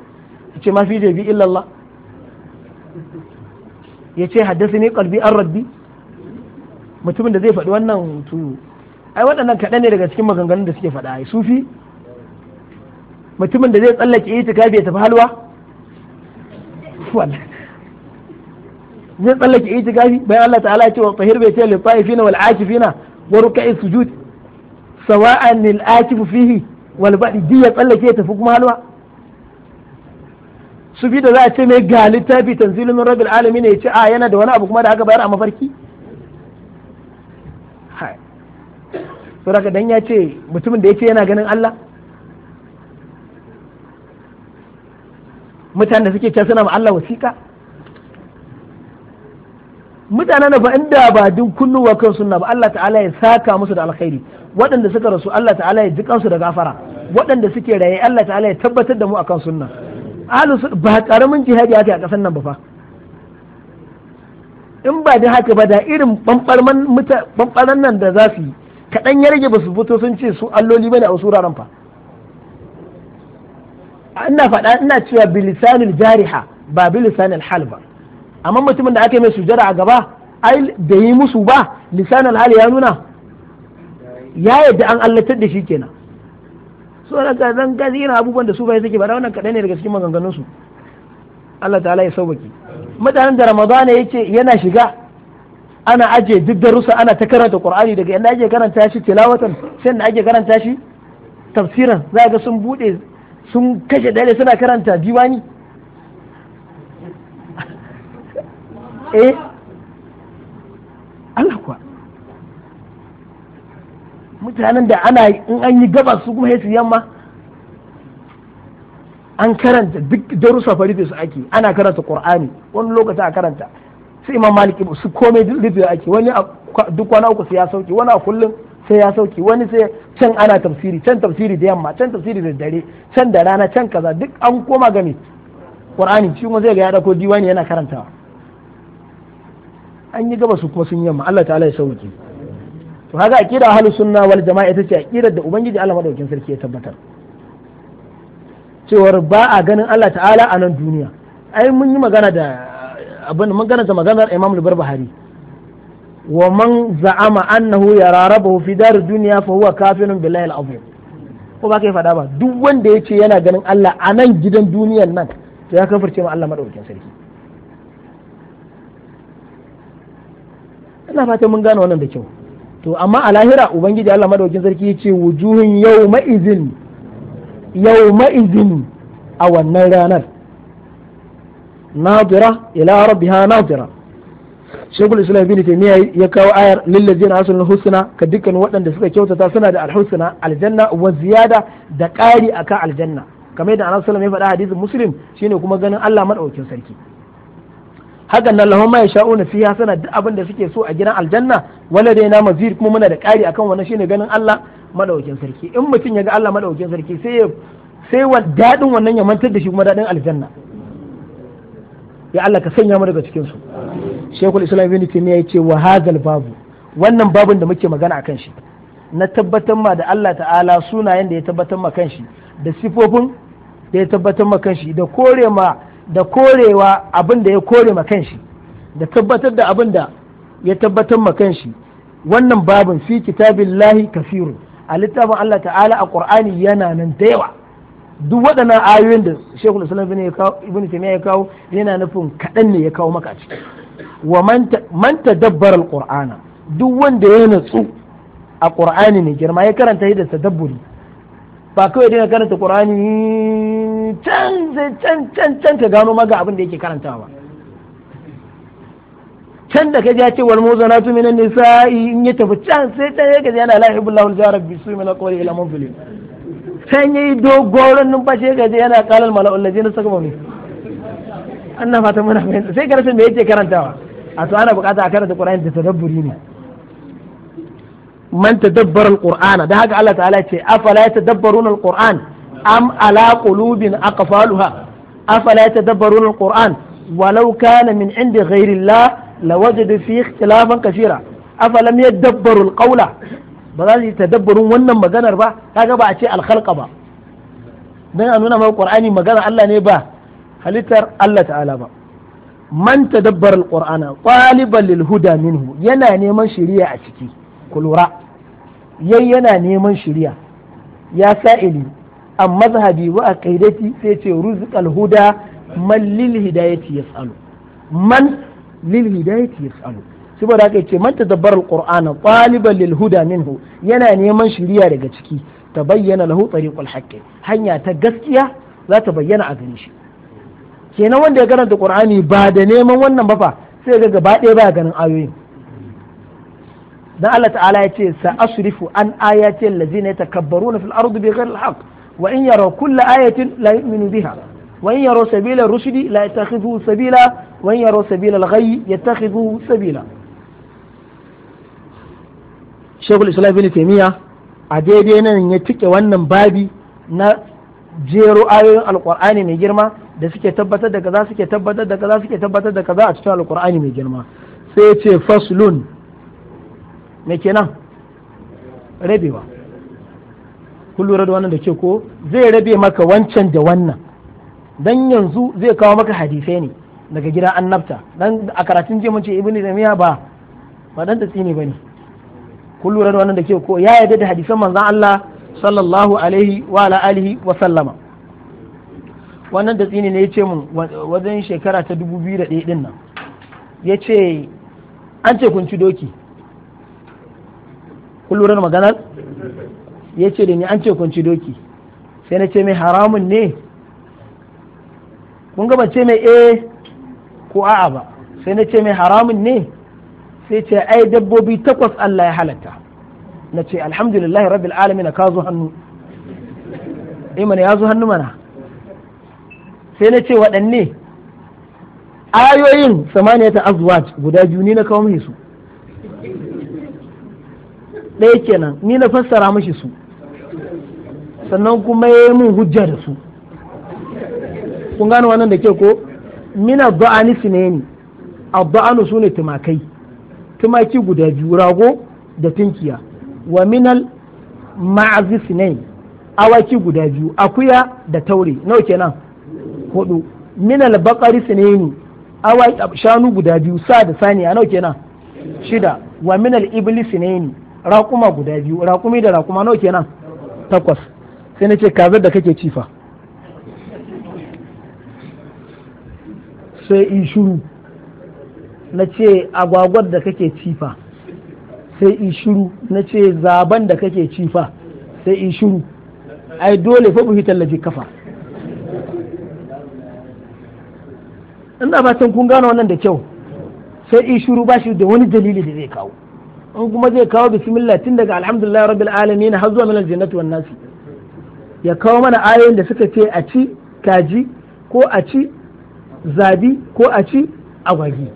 ya ce mafi fi jabi illallah ya ce haddasa ne kalbi an rabbi mutumin da zai faɗi wannan tu ai waɗannan kaɗan ne daga cikin maganganun da suke faɗa ai sufi mutumin da zai tsallake itikafi ya tafi halwa zai tsallake itikafi bayan Allah ta'ala ya ce wa tsahir bai ce lissafi ta'ifina wal'aki fina wa ruk'i sujud sawa'an lil akifu fihi wal badi duk ya tsallake tafi kuma halwa su bi da za a ce mai ga littafi tanzilun min rabbil alamin ya a yana da wani abu kuma da aka bayar a mafarki saboda dan ya ce mutumin da ya ce yana ganin Allah mutanen da suke can suna ma Allah wasiƙa mutanen na inda ba din wa kan sunna ba Allah ta'ala ya saka musu da alkhairi waɗanda suka rasu Allah ta'ala ya ji kansu da gafara waɗanda suke raye Allah ta'ala ya tabbatar da mu akan sunna ahlus ba karamin jihadi yake a kasan nan ba fa in ba da haka ba da irin bambaran nan da za su yi kaɗan ya rage ba su fito sun ce su alloli ba a wasu fa ina cewa bilisanil jariha ba bilisanin hal ba amma mutumin da aka yi mai sujada a gaba ai da yi musu ba lisan Ali ya nuna ya yadda an allatar da shi kenan so da ga zan ga zira abubuwan da su bai suke ba wannan kadai ne daga cikin maganganun su Allah ta'ala ya sauwaki mutanen da ramadana yake yana shiga ana aje duk darussa ana ta karanta qur'ani daga inda ake karanta shi tilawatan sai inda ake karanta shi tafsiran za ga sun bude sun kashe dare suna karanta diwani eh Allah kuwa mutanen da ana in an yi gabas su kuma su yamma an karanta duk darussa fa rufe su ake ana karanta qur'ani wani lokaci a karanta su imam malik su komai rufe ake wani duk wani uku sai ya sauki wani a kullum sai ya sauki wani sai can ana tafsiri can tafsiri da yamma can tafsiri da dare can da rana can kaza duk an koma game qur'ani shi kuma zai ga ya dauko diwani yana karantawa an yi gaba su kuma sun yamma Allah ta'ala ya sauki to kaga aqida ahlus sunna wal jama'a ita ce aqidar da ubangiji Allah madaukin sarki ya tabbatar cewar ba a ganin Allah ta'ala a nan duniya ai mun yi magana da abin mun gana maganar Imam al-Barbahari wa man za'ama annahu yara rabahu fi dar duniya fa huwa kafirun billahi al-azim ko ba kai fada ba duk wanda ya ce yana ganin Allah a nan gidan duniyan nan to ya kafirce ma Allah madaukin sarki ina fata mun gane wannan da kyau to amma a lahira ubangiji Allah madaukin sarki yace wujuhun yawma izin yawma izin a wannan ranar nadira ila rabbiha nadira shekul islam ibn taymiya ya kawo ayar lillazina asul husna ka dukkan waɗanda suka kyautata suna da alhusna aljanna wa ziyada da ƙari akan aljanna kamar yadda annabi sallallahu alaihi wasallam ya faɗa hadisin muslim shine kuma ganin Allah madaukin sarki hakan nan lahum ma yasha'una fiha sana duk abin da suke so a gidan aljanna wala dai na mazir kuma muna da ƙari akan wannan shine ganin Allah madaukin sarki in mutum ya ga Allah madaukin sarki sai sai wa dadin wannan ya mantar da shi kuma dadin aljanna ya Allah ka sanya mu daga cikin su Sheikhul Islam Ibn Taymiyyah yace wa hadal babu wannan babun da muke magana akan shi na tabbatar ma da Allah ta'ala sunayen da ya tabbatar ma kanshi da sifofin da ya tabbatar ma kanshi da kore ma da korewa abin da ya kore makan shi da tabbatar da abin da ya tabbatar makan shi wannan babin fi kitabillahi kafiru a littafin Allah ta'ala a ƙur'ani yana nan da yawa duk waɗannan ayoyin da Sheikhul Islam Ibn Taymiyyah ya kawo yana nufin kaɗan ne ya kawo maka a ciki wa man tadabbara al-Qur'ana duk wanda ya natsu a ƙur'ani ne girma ya karanta da tadabburi ba kawai dinga karanta qur'ani can can can can ka gano maga abin da yake karantawa can da kaji ya ce wal muzanatu minan nisa'i in ya tafi can sai can ya gaji yana lahibullahu jarar bisu min alqawli ila munfilin can yayi dogoron numfashi ya gaji yana qalal mala'ul ladina sakamu ne annafa ta muna fahimta sai ka rasa me yake karantawa a to ana bukata a karanta qur'ani da tadabburi ne man tadabbara alqur'ana da haka Allah ta'ala ce afala yatadabbaruna alqur'an am ala qulubin aqfaluha afala yatadabbaruna alqur'an walau kana min indi ghairi Allah lawajadu fi ikhtilafan kaseera afalam yadabbaru alqawla ba za su yi tadabbarun wannan maganar ba kaga ba a ce alkhalqa ba dan a nuna maka qur'ani magana Allah ne ba halittar Allah ta'ala ba man tadabbara alqur'ana taliban lil huda minhu yana neman shirya a ciki ku yai yana neman shirya ya sa'ili amma mazhabi wa a kaidati sai ce ruzuqal huda man lil hidayati yas'alu man lil hidayati yas'alu saboda haka yace man tadabbara alqur'ana taliban lil huda minhu yana neman shiriya daga ciki tabayyana lahu tariqul haqqi hanya ta gaskiya za ta bayyana a gare shi kenan wanda ya karanta qur'ani ba da neman wannan ba fa sai ga gaba ɗaya ba ganin ayoyin dan Allah ta'ala ya ce sa asrifu an ayati allazina yatakabbaruna fil ardi bighayri alhaq wa in yaraw kulla ayatin la yu'minu biha wa in yaraw sabila ar-rushdi la yattakhidhuhu sabila wa in yaraw sabila al-ghayy yattakhidhuhu sabila Shaykhul Islam Ibn Taymiyyah a daidai nan ya tike wannan babi na jero ayoyin alkur'ani mai girma da suke tabbatar da kaza suke tabbatar da kaza suke tabbatar da kaza a cikin alkur'ani mai girma sai ce faslun me kenan rabewa kun lura da wannan da ke ko zai rabe maka wancan da wannan dan yanzu zai kawo maka hadisai ne daga gidan annabta dan a karatun jiya mun ce ibnu taymiya ba ba dan da tsini bane kun lura da wannan da ke ko ya yarda da hadisan manzon Allah sallallahu alaihi wa ala alihi wa sallama wannan da tsini ne ya ce mun wajen shekara ta 2001 din nan ya ce an ce kun ci doki kun lura da maganar ya ce da ni an ce kun ci doki sai na ce mai haramun ne kun gaba ce mai eh ko a'a ba sai na ce mai haramun ne sai ce ai dabbobi takwas Allah ya halatta na ce alhamdulillah rabbil alamin ka zo hannu eh mana ya zo hannu mana sai na ce waɗanne ayoyin samaniyata azwaj guda biyu ne na kawo mai su ɗaya kenan ni na fassara mashi su sannan kuma ya yi mun hujja da su kun gane wannan da ke ko mina ba'ani sineni abba'anu su ne tumakai tumaki guda biyu rago da tunkiya wa minal ma'azi su ne awaki guda biyu akuya da taure nawa kenan hudu minal bakari awaki shanu guda biyu sa da saniya nawa kenan shida wa minal iblis ni raƙuma guda biyu raƙumi da raƙuma nawa kenan takwas sai na ce kazar da kake cifa sai in shiru na ce agwagwar da kake cifa sai in shiru na ce zaben da kake cifa sai in shiru ai dole fa buhi tallafi kafa ina fatan kun gane wannan da kyau sai in shiru ba shi da wani dalili da zai kawo in kuma zai kawo bismillah tun daga alhamdulillah rabbil alamin har zuwa minal jannati wan nasi ya kawo mana ayoyin da suka ce a ci kaji ko a ci zabi ko a ci agwagi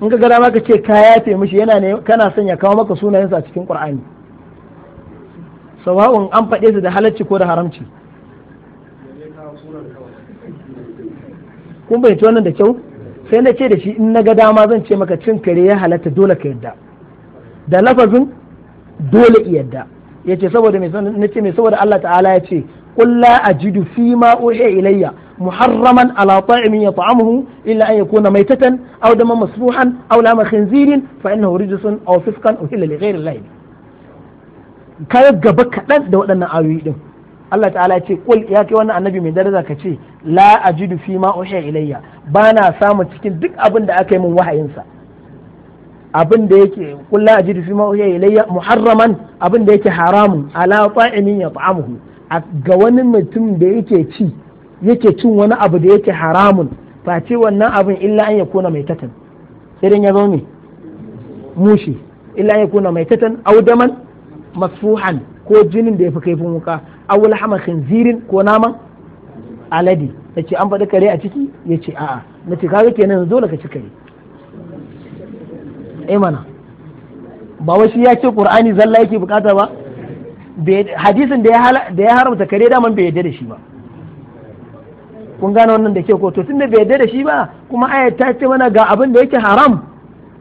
in ka gara maka ce kaya yafe mishi yana ne kana son ya kawo maka sunayensa a cikin qur'ani sawa'un an faɗe su da halacci ko da haramci kun bai wannan da kyau sai na ce da shi in na ga dama zan ce maka cin kare ya halatta dole ka yadda da lafazin dole yadda ya ce saboda na ce mai saboda Allah ta'ala ya ce kulla a jidu fi ma uhiya ilayya muharraman ala ta'imin ta'amuhu illa an yakuna maytatan aw daman masfuhan aw lama khinzirin fa innahu rijsun aw fisqan uhilla li ghayri Allah kai gaba kaɗan da waɗannan ayoyi ɗin. Allah ta'ala ya ce kul ya kai wannan annabi mai daraja ka ce la ajidu fi ma uhiya ilayya ba na samu cikin duk abin da aka yi min sa abin da yake kul la ajidu fi ma uhiya ilayya muharraman abin da yake haramun ala ta'imin yat'amuhu ga wani mutum da yake ci yake cin wani abu da yake haramun ce wannan abin illa an ya mai tatan sai ya zo ne mushi illa an mai tatan audaman masfuhan ko jinin da ya fi kaifin wuka awul hama khinzirin ko naman alade ya ce an faɗi kare a ciki ya ce a'a na ce kaga kenan zo ka ci kare imana eh ba wai shi ya ce qur'ani zalla yake bukata ba hadisin da ya haramta kare daman bai yadda da shi ba kun gane wannan da ke ko to tunda bai yadda da shi ba kuma ayat ta ce mana ga abin da yake haram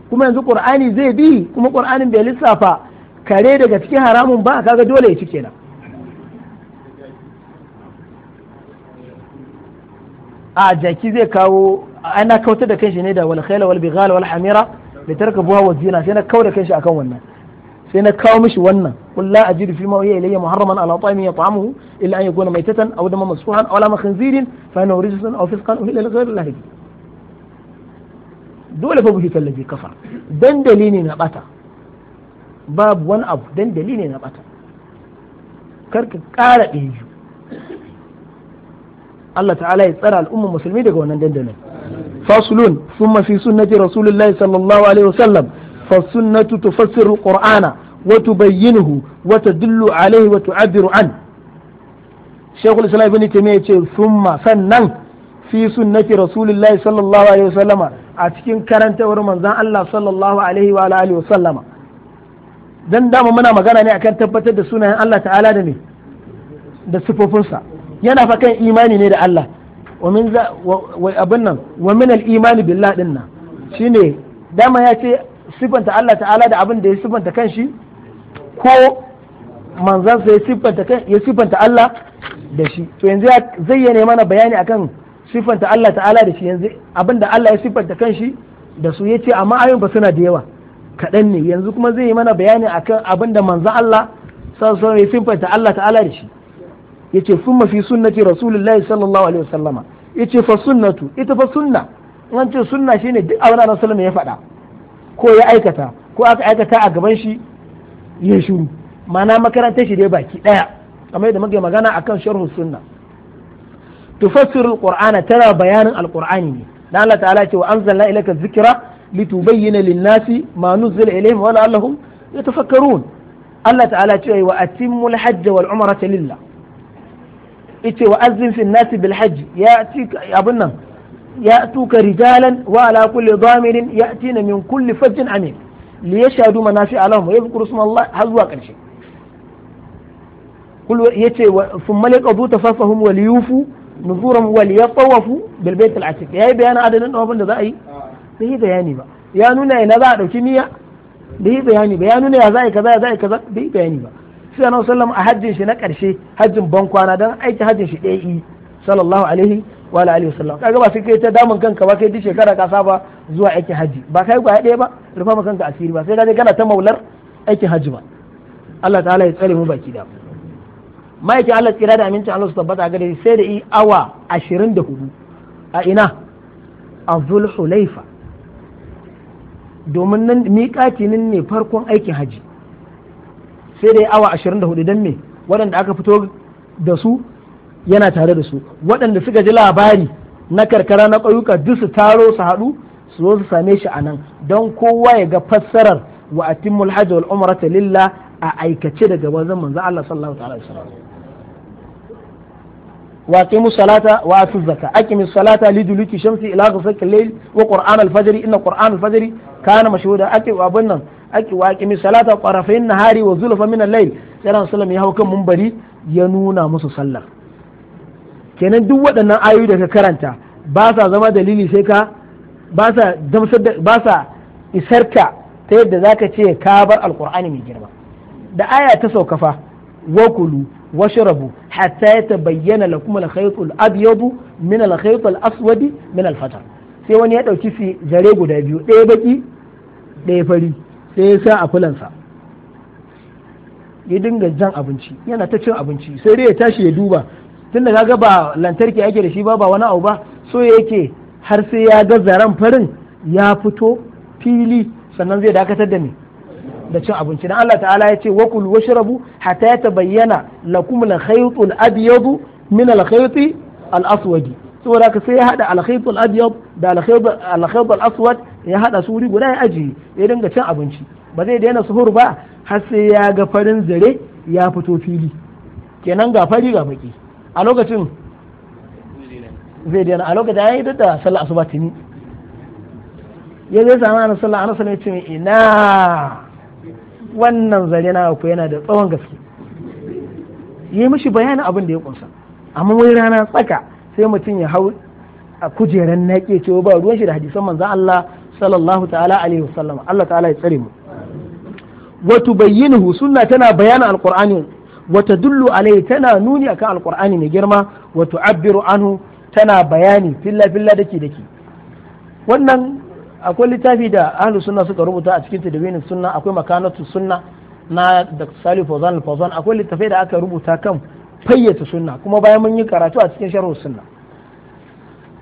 kuma yanzu qur'ani zai bi kuma qur'anin bai lissafa kare daga cikin haramun ba kaga dole ya ci kenan a jaki zai kawo ana kautar da kanshi ne da wal khayla wal bighal wal hamira litarkabuha wa zina sai na kawo da kanshi akan wannan sai na kawo mishi wannan qul la ajidu fi ma hiya ilayya muharraman ala ta'imi yat'amuhu illa an yakuna maytatan aw daman masfuhan aw lama khinzirin fa inna rijsun aw fisqan illa li ghayri allah dole fa buhi tallafi kafa dandali ne na bata babu wani abu dan dalili na bata karka kara ɗinju Allah ta'ala ya tsara al'umma musulmi daga wannan dandalin fasulun summa fi sunnati rasulillahi sallallahu alaihi wasallam fa sunnatu tufassiru qur'ana wa وتدل عليه وتعبر عنه شيخ الإسلام ابن تيمية ثم فنن في سنة رسول الله صلى الله عليه وسلم a cikin ورمان الله صلى الله عليه وعلى آله وسلم dan dama muna magana ne akan tabbatar da sunayen Allah ta'ala da ne da sifofinsa yana fa kan imani ne da Allah wa min za wa abin nan wa min al imani billah din nan shine dama ya ce sifanta Allah ta'ala da abin da ya sifanta kanshi ko manzansa ya sifanta kan ya sifanta Allah da shi to yanzu zai yana mana bayani akan sifanta Allah ta'ala da shi yanzu abin da Allah ya sifanta kanshi da su yace amma ayoyin ba suna da yawa kaɗan ne yanzu kuma zai yi mana bayani akan abin da manzan Allah sallallahu alaihi wasallam Allah ta'ala da shi yace summa fi sunnati rasulullahi sallallahu alaihi wasallama yace fa sunnatu ita fa sunna an ce sunna shine duk abin da Rasulullahi ya faɗa ko ya aikata ko aka aikata a gaban shi ya shiru ma'ana makarantar shi dai baki daya kamar yadda muke magana akan sharhu sunna tufassirul qur'ana tana bayanin alqur'ani ne dan Allah ta'ala ce wa anzalna ilayka dhikra litubayyana lin-nasi ma nuzila ilayhim wa la'allahum yatafakkarun Allah ta'ala ce wa atimmul hajj wal umrata lillah ite wa azzin nasi bil hajj ya abun nan ya tuka rijalan wa ala kulli dhamirin ya'tina min kulli fajjin amin li yashhadu manafi'a lahum wa yadhkuru isma Allah har zuwa karshe kul yace thumma liqadu tafasahum wa liyufu nuzurum wa liyafawafu bil bait al atiq yayi bayanin adadin dawafin da za a yi bai yi bayani ba ya nuna ina za a ɗauki niyya da yi bayani ba ya nuna ya za a kaza ya za a kaza da yi bayani ba sai annabi sallam a hajjin shi na ƙarshe hajjin ban kwana dan aiki hajjin shi ɗaya yi sallallahu alaihi wa alihi wasallam kaga ba sai kai ta damun kanka ba kai duk shekara ka saba zuwa aikin hajji ba kai ba ɗaya ba rufa ma kanka asiri ba sai ka je kana ta maular aikin hajji ba Allah ta'ala ya tsare mu baki da ma'aikin Allah tsira da amincin Allah su tabbata a gare sai da yi awa hudu a ina a zulhulaifa domin nan miƙati nan ne farkon aikin haji sai da awa 24 don me waɗanda aka fito da su yana tare da su waɗanda suka ji labari na karkara na ƙauyuka duk su taro su haɗu su zo su same shi a nan don kowa ya ga fassarar wa atimul hajj wal umrata lillah a aikace daga wajen manzo Allah sallallahu alaihi wasallam wa aqimu salata wa atu zakka aqimi salata li shamsi ila ghasaqi wa qur'an al-fajr inna qur'an al-fajr kana mashhuda aqi wa abunnan aqi wa aqimi salata qarafayn nahari wa zulfa min al-layl sai ran ya hau kan munbari ya nuna musu sallar kenan duk waɗannan ayoyi da ka karanta ba sa zama dalili sai ka da ba sa isarka ta yadda zaka ce ka bar alqur'ani mai girma da aya ta saukafa wa kulu washrabu hatta yatabayyana lakum al-khayt al-abyad min al-khayt al min al-fajr sai wani ya dauki fi zare guda biyu ɗaya baki ɗaya fari sai ya sa a kulansa ya dinga jan abinci yana ta cin abinci sai dai ya tashi ya duba tun da kaga ba lantarki ake da shi ba ba wani abu ba so yake har sai ya ga zaren farin ya fito fili sannan zai dakatar da ni. da cin abinci dan Allah ta'ala ya ce wakul washrabu hatta yatabayyana lakum al-khayt al-abyad min al-khayt al-aswad saboda ka sai ya hada al-khayt al-abyad da al-khayt al-aswad ya hada su wuri guda ya ajiye ya dinga cin abinci ba zai daina suhur ba har sai ya ga farin zare ya fito fili kenan ga fari ga baki a lokacin zai daina a lokacin ya yi da sallah asuba tuni ya zai samu na sallah ana sallah ya ce ina wannan zare na ku yana da tsawon gaske yi mishi bayanin abin da ya kunsa amma wani rana tsaka sai mutum ya hau a kujeran naƙe cewa ba ruwan shi da hadisan manzan Allah sallallahu ta'ala alaihi wasallam Allah ta'ala ya tsare mu wa tubayyinuhu sunna tana bayanin alqur'ani Wata tadullu alaihi tana nuni akan alqur'ani mai girma wato tu'abbiru anhu tana bayani filla filla dake dake wannan akwai littafi da ahlus sunna suka rubuta a cikin tadwinin sunna akwai makanatu sunna na da Salih Fawzan Fawzan akwai littafai da aka rubuta kan fayyata sunna kuma bayan mun yi karatu a cikin sharh sunna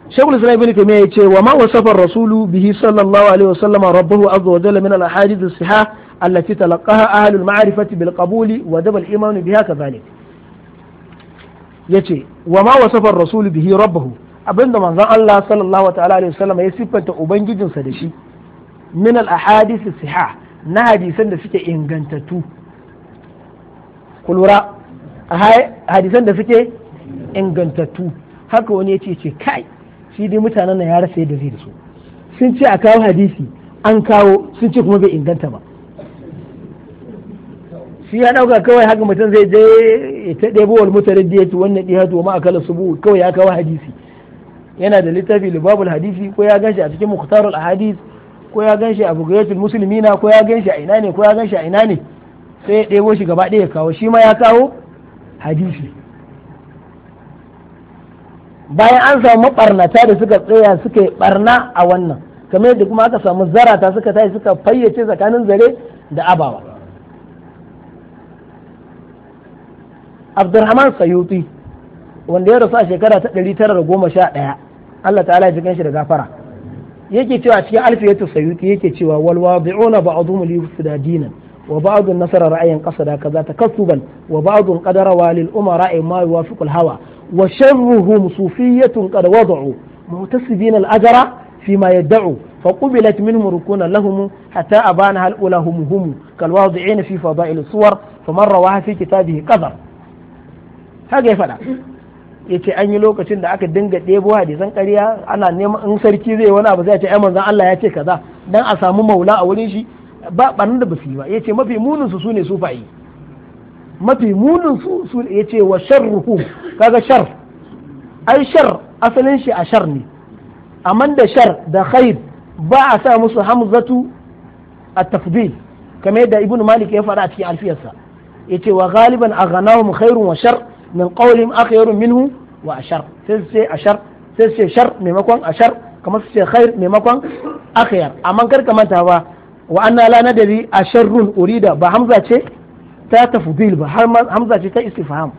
Shaykhul Islam Ibn Taymiyyah yace wa ma wasafa rasulu bihi sallallahu alaihi wasallam rabbahu azza wa jalla min al-ahadith as-sihah allati talaqaha ahlul ma'rifati bil qabul wa al iman biha kadhalik yace wa ma wasafa rasulu bihi rabbuhu Abin da manzon Allah sallallahu ta'ala alaihi wasallam ya siffanta ubangijinsa da shi min al ahadith siha na hadisan da suke ingantattu kulura hadisan da suke ingantattu haka wani ya ce kai shi dai mutanen nan ya rasa yadda zai da su sun ce a kawo hadisi an kawo sun ce kuma bai inganta ba shi ya dauka kawai haka mutum zai je ya ta ɗebo wal mutaraddi ya ci wannan ɗiya to ma kala subu kawai ya kawo hadisi yana da littafi libabul hadisi ko ya ganshi a cikin mukhtarul ahadith ko ya ganshi a bugayatul muslimina ko ya ganshi a ina ne ko ya ganshi a ina ne sai ya ɗebo shi gaba ɗaya kawo shi ma ya kawo hadisi bayan an samu mabarnata da suka tsaya suka yi barna a wannan kamar yadda kuma aka samu zarata suka tashi suka fayyace tsakanin zare da abawa abdulrahman sayuti wanda ya rasu a shekara ta ɗari tara da goma sha ɗaya Allah ta'ala ya jikin shi da gafara yake cewa cikin alfiyatu sayuti yake cewa wal wadi'una ba'dhum li yufsida dinan wa ba'd nasarar ra'ayan qasada kaza takasuban wa ba'd qadara wa lil umara ma yuwafiqu al hawa wa sharruhum sufiyyatun qad wada'u mutasibina al ajra fima yad'u فقبلت منهم ركونا لهم حتى أبانها الأولى هم هم كالواضعين في فضائل الصور فمن رواها في كتابه قدر ya fada. ya ce an yi lokacin da aka dinga ɗebo hadisan ƙarya ana neman in sarki zai wani abu zai ce ai manzon Allah ya ce kaza dan a samu maula a wurin shi ba barin da basu ba ya ce mafi munin su sune sufayi mafi munin su su ya ce wa sharruhu kaga shar ai shar asalin shi a shar ne amman da shar da khair ba a sa musu hamzatu a tafdil kamar yadda ibnu malik ya faɗa a cikin alfiyarsa ya ce wa galiban aghnahum khairun wa shar min qawlin akhyarun minhu wa ashar sai su ce ashar sai su ce shar maimakon ashar kamar su ce khair maimakon akhyar amma kar ka manta ba wa anna la nadri asharrun urida ba hamza ce ta tafdil ba har hamza ce ta istifham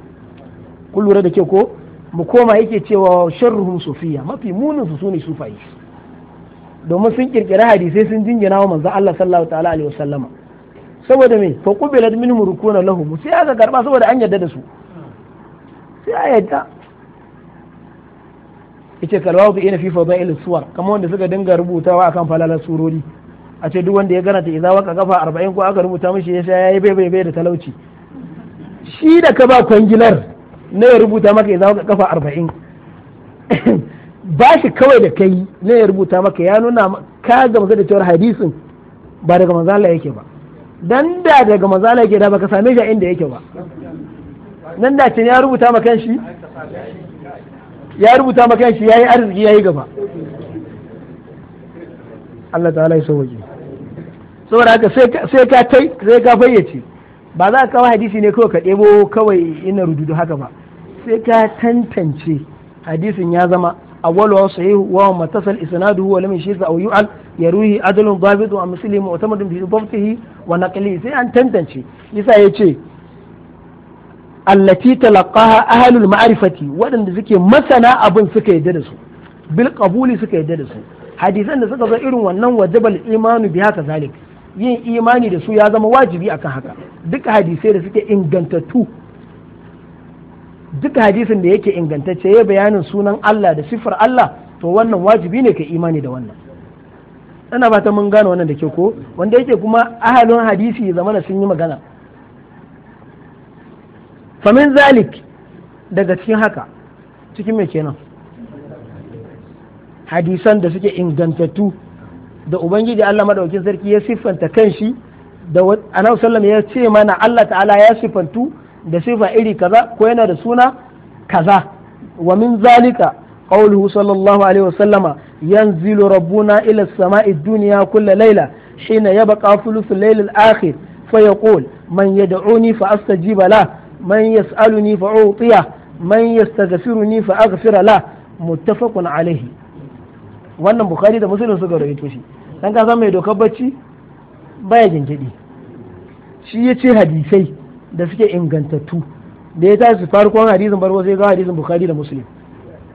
kun lura da ke ko mu koma yake cewa sharruhum sufiya mafi munin su sune sufayi domin sun kirkiri hadisai sun jingina wa manzo Allah sallallahu ta'ala alaihi wasallama saboda me fa qubilat minhum rukuna lahum sai aka karba saboda an yarda da su sai a yadda yace kalwa ku ina fi fadail suwar kamar wanda suka dinga rubutawa akan falalar surori a ce duk wanda ya gana ta idza waka kafa arba'in ko aka rubuta mishi ya sha yayi bai bai da talauci shi da ka ba kwangilar ne ya rubuta maka idza waka kafa arba'in ba shi kawai da kai ne ya rubuta maka ya nuna ka gamsa da cewar hadisin ba daga manzala yake ba dan da daga manzala yake da baka same shi a inda yake ba nan da ce ya rubuta ma kanshi ya rubuta ma kanshi yayi arziki yayi gaba Allah ta'ala ya sauke saboda haka sai ka tai sai ka fayyace ba za ka kawo hadisi ne kawai ka ɗebo kawai ina rududu haka ba sai ka tantance hadisin ya zama awwalu sahihu wa matasal isnadu wa lam yashiz aw yu'al yaruhi adlun dhabit wa muslim mu'tamadun bi dhabtihi wa naqlihi sai an tantance yasa yace allati talaqaha ahlul ma'rifati waɗanda suke masana abin suka yadda da su bil qabuli suka yarda da su hadisan da suka zo irin wannan wajibal imanu bi haka zalik yin imani da su ya zama wajibi akan haka duka hadisai da suke ingantattu duka hadisin da yake ingantacce ya bayanin sunan Allah da sifar Allah to wannan wajibi ne ka imani da wannan ana ba ta mun gane wannan da ke ko wanda yake kuma ahalin hadisi zamana sun yi magana famin zalik daga cikin haka cikin mai kenan hadisan da suke ingantattu da ubangiji Allah maɗaukin sarki ya siffanta kanshi da annabi sallam ya ce mana Allah ta'ala ya siffantu da siffa iri kaza ko yana da suna kaza wa min zalika qawluhu sallallahu alaihi sallama yanzilu rabbuna ila as-sama'i ad-dunya kull layla hina yabqa thuluth al-layl al-akhir man yad'uni fa فأستجيب lahu man yas'aluni fa utiya man yastaghfiruni fa aghfira la muttafaqun alaihi wannan bukhari da muslim suka rawaito shi dan ka san mai dokar bacci baya jinkidi shi ya ce hadisai da suke ingantattu da ya tashi farkon hadisin farko sai ga hadisin bukhari da muslim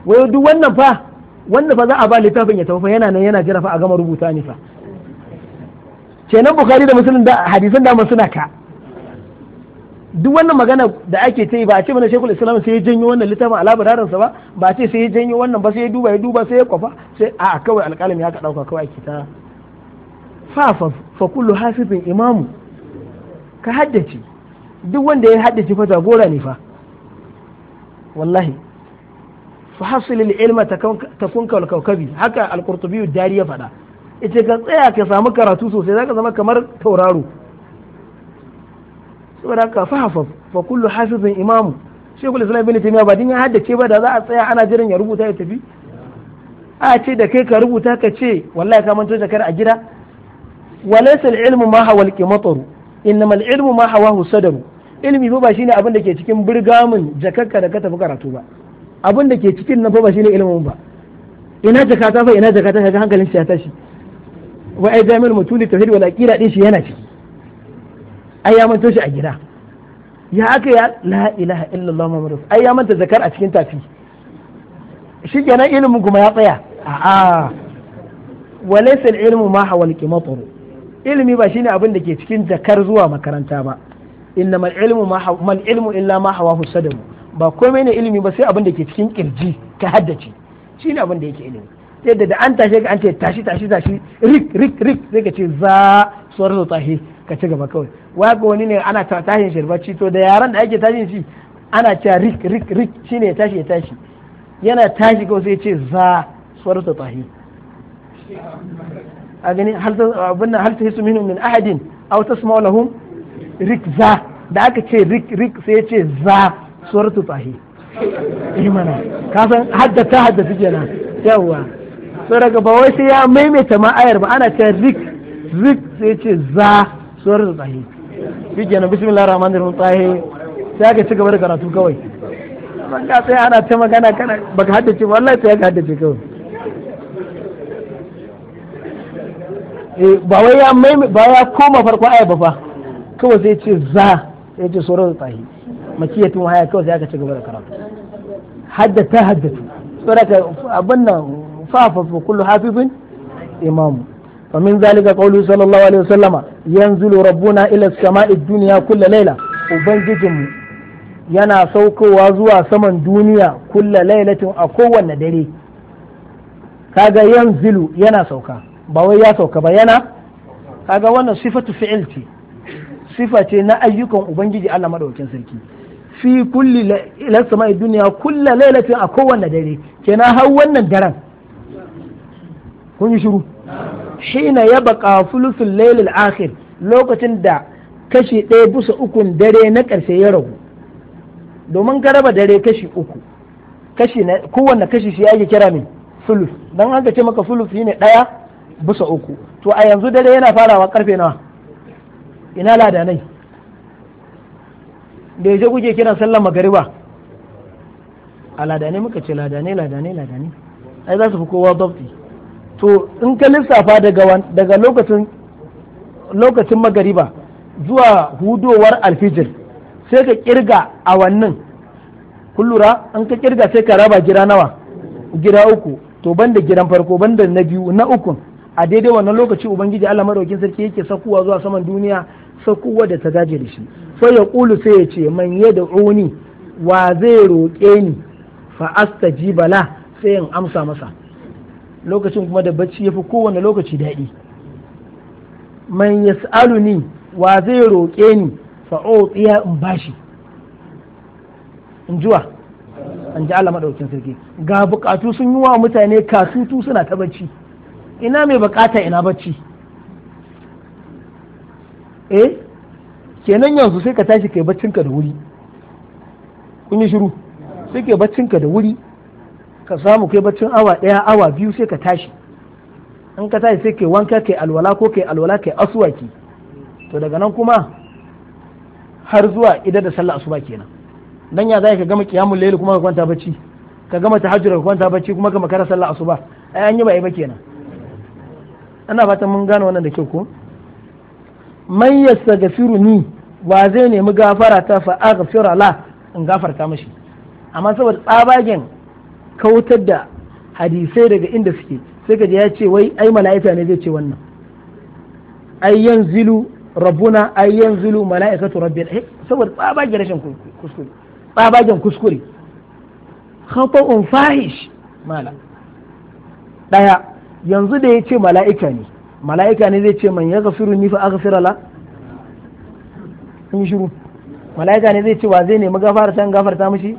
wai duk wannan fa wannan fa za a ba littafin ya tafi yana nan yana jira fa a gama rubuta ni fa kenan bukhari da muslim da hadisan da suna ka duk wannan magana da ake ta yi ba a ce mana shekul islam sai ya janyo wannan littafin alabararinsa ba ba a ce sai ya janyo wannan ba sai ya duba ya duba sai ya kwafa sai a kawai alƙalami ya ka ɗauka kawai ake ta fafa fa kullu hafifin imamu ka haddace duk wanda ya haddace fa jagora ne fa wallahi fa hasilil ilma takun kawal kawkabi haka al-qurtubi dari ya faɗa ita ka tsaya ka samu karatu sosai zaka zama kamar tauraro saboda haka fa hafa fa kullu hafizin imamu shekul islam ibn taymiya ba din ya haddace ba da za a tsaya ana jiran ya rubuta ya tafi a ce da kai ka rubuta ka ce wallahi ka manto kai a gida walaysa al-ilmu ma hawa al-qimatar innama al-ilmu ma hawa sadaru ilmi ba shine abin da ke cikin burgamin jakarka da ka tafi karatu ba abin da ke cikin nan fa ba shine ilmin ba ina jakata fa ina jakata kaga hankalin shi ya tashi wa ai jami'ul mutuli tauhid wal aqida din shi yana ciki ai ya manto shi a gida ya aka ya la ilaha illallah muhammadu ai ya manta zakar a cikin tafi shi kenan ilimin kuma ya tsaya a'a walaysa al-ilmu ma hawa qimatur ilimi ba shine abin da ke cikin zakar zuwa makaranta ba innama ilmu ma mal ilmu illa ma hawa sadam ba komai ne ilimi ba sai abin da ke cikin kirji ka haddace shine abin da yake ilimi yadda da an tashe ka an ce tashi tashi tashi rik rik rik sai ka ce za suwar tahi ka ci gaba kawai waya ga wani ne ana tashin shirbaci to da yaran da ake tashin shi ana cewa rik rik rik shine ya tashi ya tashi yana tashi kawai sai ce za suwarta tahi a gani abin hal ta hisu minu min ahadin aw tasma'u lahum rik za da aka ce rik rik sai ya ce za suwarta tahi imana eh kasan haddata haddata kenan yawwa sai daga ba wai sai ya maimaita ma ayar ba ana cewa rik rik sai ce za suwar da tsahi shi kenan bismillah rahman rahim tsahi sai aka ci gaba da karatu kawai ban ga sai ana ta magana kana baka haddace ba wallahi sai ka haddace kawai eh, ba wai ya mai ba ya koma farko aya ba fa kawai sai ce za sai ce suwar da tsahi makiyatun haya kawai sai aka ci gaba da karatu haddata haddatu saboda abin nan fa kullu hafifin imamu ومن ذلك قوله صلى الله عليه وسلم ينزل ربنا إلى السماء الدنيا كل ليلة وبنجم yana saukowa zuwa saman duniya kulla lailatin a kowanne dare kaga yanzilu yana sauka ba wai ya sauka ba yana kaga wannan sifatu fi'il ce sifa ce na ayyukan ubangiji Allah madaukakin sarki fi kulli ila sama'i duniya kulla lailatin a kowanne dare kenan har wannan daren kun yi shiru hina ya baka fulufin lailil akhir lokacin da kashi ɗaya bisa ukun dare na ƙarshe ya ragu domin ka raba dare kashi uku kashi na kowanne kashi shi ake kira min fuluf don an ce maka fuluf shine ɗaya bisa uku to a yanzu dare yana farawa karfe nawa ina ladanai da yaje kuke kiran sallar magariba a ladanai muka ce ladanai ladanai ladanai ai za su fi kowa dabti to in ka lissafa daga lokacin magariba zuwa hudowar alfijir sai ka kirga awannin wannan kullura an ka kirga sai ka raba gida nawa gida uku to banda gidan farko banda na biyu na ukun a daidai wannan lokaci ubangiji Allah madaukin sarki yake sakuwa zuwa saman duniya sakuwa da ta gaje da shi sai ya kulu sai ya ce man yad'uni wa zai roƙe ni fa astajiba sai in amsa masa lokacin kuma da bacci ya fi kowane lokaci daɗi man ya sa'alu ni, wa zai roƙe ni fa'o tsiya in bashi in jiwa an ji Allah maɗaukin sarki ga buƙatu sun yi wa mutane kasutu suna ta bacci ina mai buƙata ina bacci eh kenan yanzu sai ka tashi kai baccinka da wuri kun yi shiru sai kai baccinka da wuri ka samu kai baccin awa ɗaya awa biyu sai ka tashi in ka tashi sai kai wanka kai alwala ko kai alwala kai asuwaki to daga nan kuma har zuwa idan da sallah asuba kenan dan ya zai ka gama qiyamul layl kuma ka kwanta bacci ka gama tahajjud ka kwanta bacci kuma ka makara sallah asuba ai an yi ba ai ba kenan ana fatan mun gane wannan da kyau ko man yastaghfiru ni wa zai nemi gafara ta fa aghfira la in gafarta mashi amma saboda tsabagen kautar da hadisai daga inda suke sai ka ya ce wai ai mala'ika ne zai ce wannan ai yanzilu rabbuna ai yanzilu mala'ikatu rabbina eh saboda tsabagen rashin kuskure tsabagen kuskure khata'un fahish mala daya yanzu da ya ce mala'ika ne mala'ika ne zai ce man ya gafiru ni fa aghfira la kun shiru mala'ika ne zai ce wa zai nemi gafarta gafarta mishi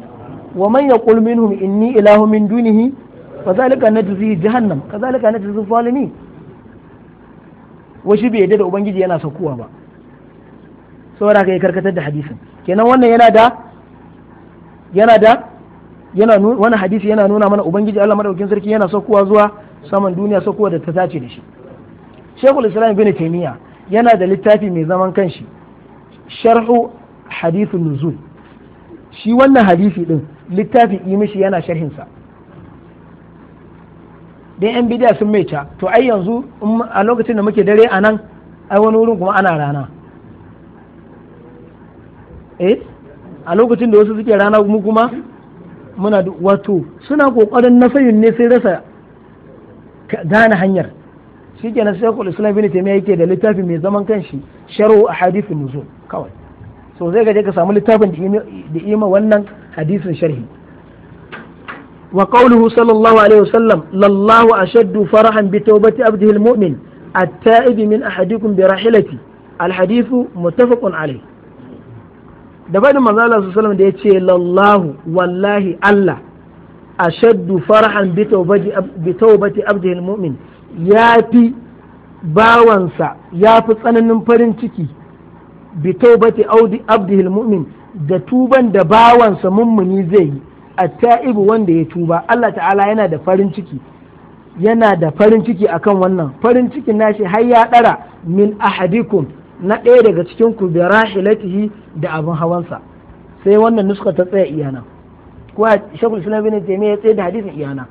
wa man yaqul minhum inni ilahu min dunihi fazalika najzi jahannam kazalika najzi zalimin washi bai yadda da ubangiji yana saukowa ba saboda ka yi karkatar da hadisin kenan wannan yana da yana da yana wani hadisi yana nuna mana ubangiji Allah madaukakin sarki yana saukowa zuwa saman duniya saukowa da ta tace da shi Sheikhul Islam Ibn Taymiyyah yana da littafi mai zaman kanshi sharhu hadithun nuzul shi wannan hadisi din littafi yi mishi yana sharhinsa dan yan bidiya sun mai ca to ai yanzu a lokacin da muke dare a nan ai wani wurin kuma ana rana eh a lokacin da wasu suke rana mu kuma muna wato suna kokarin nasayin ne sai rasa gane hanyar shi kenan sai islam bin taimiyya yake da littafi mai zaman kanshi sharu a hadithin nuzul kawai so zai gaje ka samu littafin da ima wannan hadisin sharhi wa qawluhu sallallahu alaihi wasallam lallahu ashaddu farahan bi tawbati abdihi almu'min at-ta'ib min ahadikum bi rahilati al-hadithu muttafaqun alayh da faɗin manzo Allah sallallahu alaihi wasallam da yace lallahu wallahi Allah ashaddu farahan bi tawbati bi tawbati abdihi almu'min yafi bawansa yafi tsananin farin ciki bi taubati abdihil mu'min da tuban da bawansa mummuni zai yi ta'ibu wanda ya tuba Allah ta'ala yana da farin ciki yana da farin ciki akan wannan farin cikin nashi har ya ɗara min ahadikum na ɗaya daga cikin ku bi rahilatihi da abin hawansa sai wannan nuska ta tsaya iyana kuwa shakul islam bin taymiya ya tsaye da hadisin iyana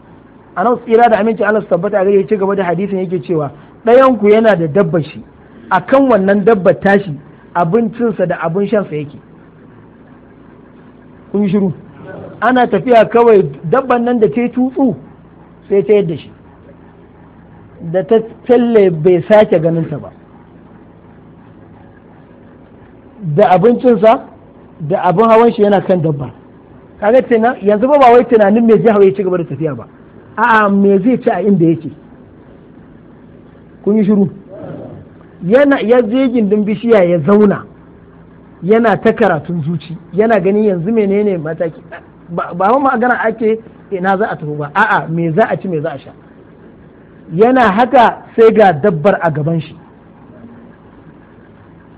anan tsira da aminci Allah tabbata ga ya ci gaba da hadisin yake cewa ɗayan ku yana da dabba shi akan wannan dabbar tashi abincinsa da abin shansa yake kun shiru ana tafiya kawai dabban nan da ta yi tutsu sai ta yadda shi da ta talle bai sake ganinta ba da abincinsa da abin hawan shi yana kan dabba kaga yanzu ba wai tunanin me zai hawa ya ci gaba da tafiya ba a'a me zai ci a inda yake kun yi shiru yana ya je gindin bishiya ya zauna yana ta karatun zuci yana ganin yanzu menene mataki ba ba magana ake ina za a tafi ba a'a me za a ci me za a sha yana haka sai ga dabbar a gaban shi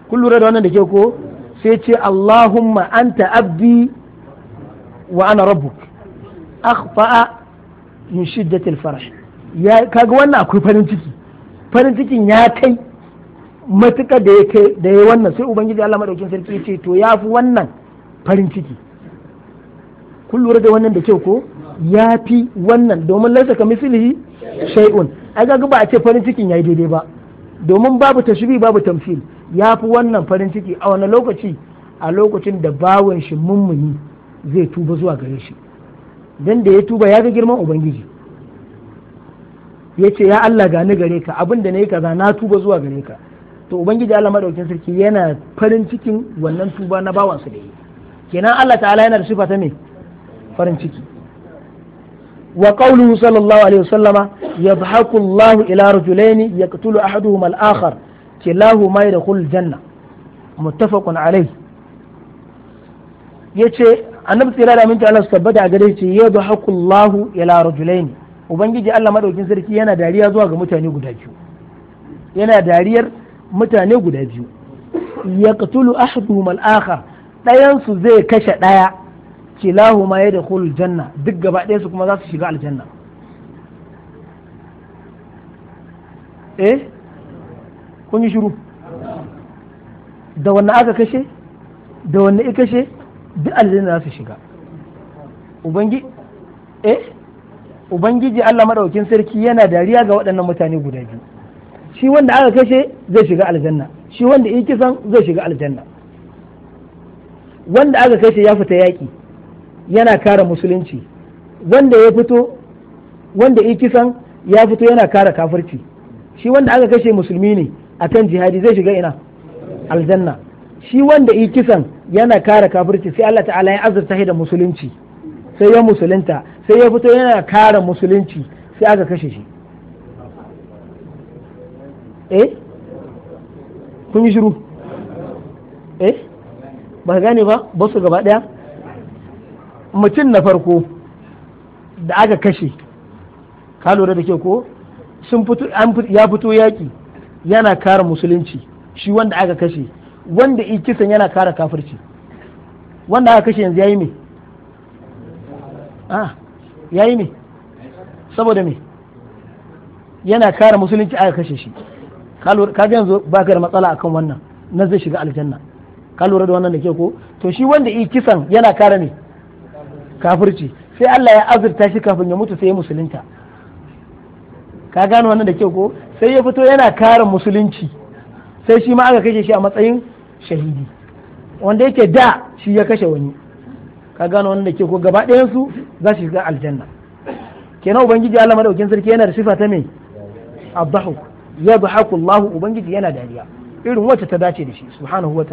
kun lura da wannan da ke ko sai ce Allahumma anta abdi wa ana rabbuk akhfa'a min shiddatil farah ya kaga wannan akwai farin ciki farin cikin ya kai matuka da ya kai da ya wannan sai ubangiji Allah madaukin sarki ce to ya fi wannan farin ciki kun lura da wannan da kyau ko ya fi wannan domin laisa ka misilihi shay'un ai ga ba a ce farin cikin ya yayi daidai ba domin babu tashbih babu tamsil ya fi wannan farin ciki a wani lokaci a lokacin da bawan shi mummuni zai tuba zuwa gare shi dan da ya tuba ya ga girman ubangiji ya ce ya Allah gani gare ka abin da na yi kaza na tuba zuwa gare ka to ubangiji Allah madaukin sarki yana farin cikin wannan tuba na su da yi kenan Allah ta'ala yana da sifa ta me farin ciki wa qawluhu sallallahu alaihi wasallama yadhaku Allah ila rajulain yaqtulu ahaduhuma al-akhar da yadkhul janna muttafaqun alayh yace annabi tsira da minta Allah su tabbata a gare shi yadhaku Allah ila rajulain ubangiji Allah madaukin sarki yana dariya zuwa ga mutane guda biyu yana dariyar mutane guda biyu ya katulu ahaduhum al-akhar dayan zai kashe daya da kulu janna duk gaba ɗayansu kuma za su shiga aljanna eh kun yi shiru da wanne aka kashe da wanne i kashe duk aljanna za su shiga ubangi eh ubangiji Allah madaukin sarki yana dariya ga waɗannan mutane guda biyu shi wanda aka kashe zai shiga aljanna shi wanda yi kisan zai shiga aljanna wanda aka kashe ya fita yaƙi yana kare musulunci wanda ya fito wanda yi kisan ya fito yana kare kafirci shi wanda aka kashe musulmi ne akan jihadi zai shiga ina aljanna shi wanda yi kisan yana kare kafirci sai Allah ta'ala ya azurta shi da musulunci sai ya musulunta sai ya fito yana kare musulunci sai aka kashe shi eh kun yi shiru eh ba gane ba ba su gaba daya mutum na farko da aka kashe ka lura da ke ko sun fito ya fito yaki yana kare musulunci shi wanda aka kashe wanda i kisan yana kare kafirci wanda aka kashe yanzu yayi me ah yayi me saboda me yana kare musulunci aka kashe shi ka ga yanzu ba ka da matsala akan wannan na zai shiga aljanna ka lura da wannan da ke ko to shi wanda yi kisan yana kara ne kafirci sai Allah ya azurta shi kafin ya mutu sai ya musulunta ka gano wannan da ke ko sai ya fito yana kare musulunci sai shi ma aka kashe shi a matsayin shahidi wanda yake da shi ya kashe wani ka gano wannan da ke ko gaba ɗayan su za su shiga aljanna kenan ubangiji Allah madaukin sarki yana da sifa ta me abdahu yadhaku allahu ubangiji yana dariya irin wacce ta dace da shi subhanahu wa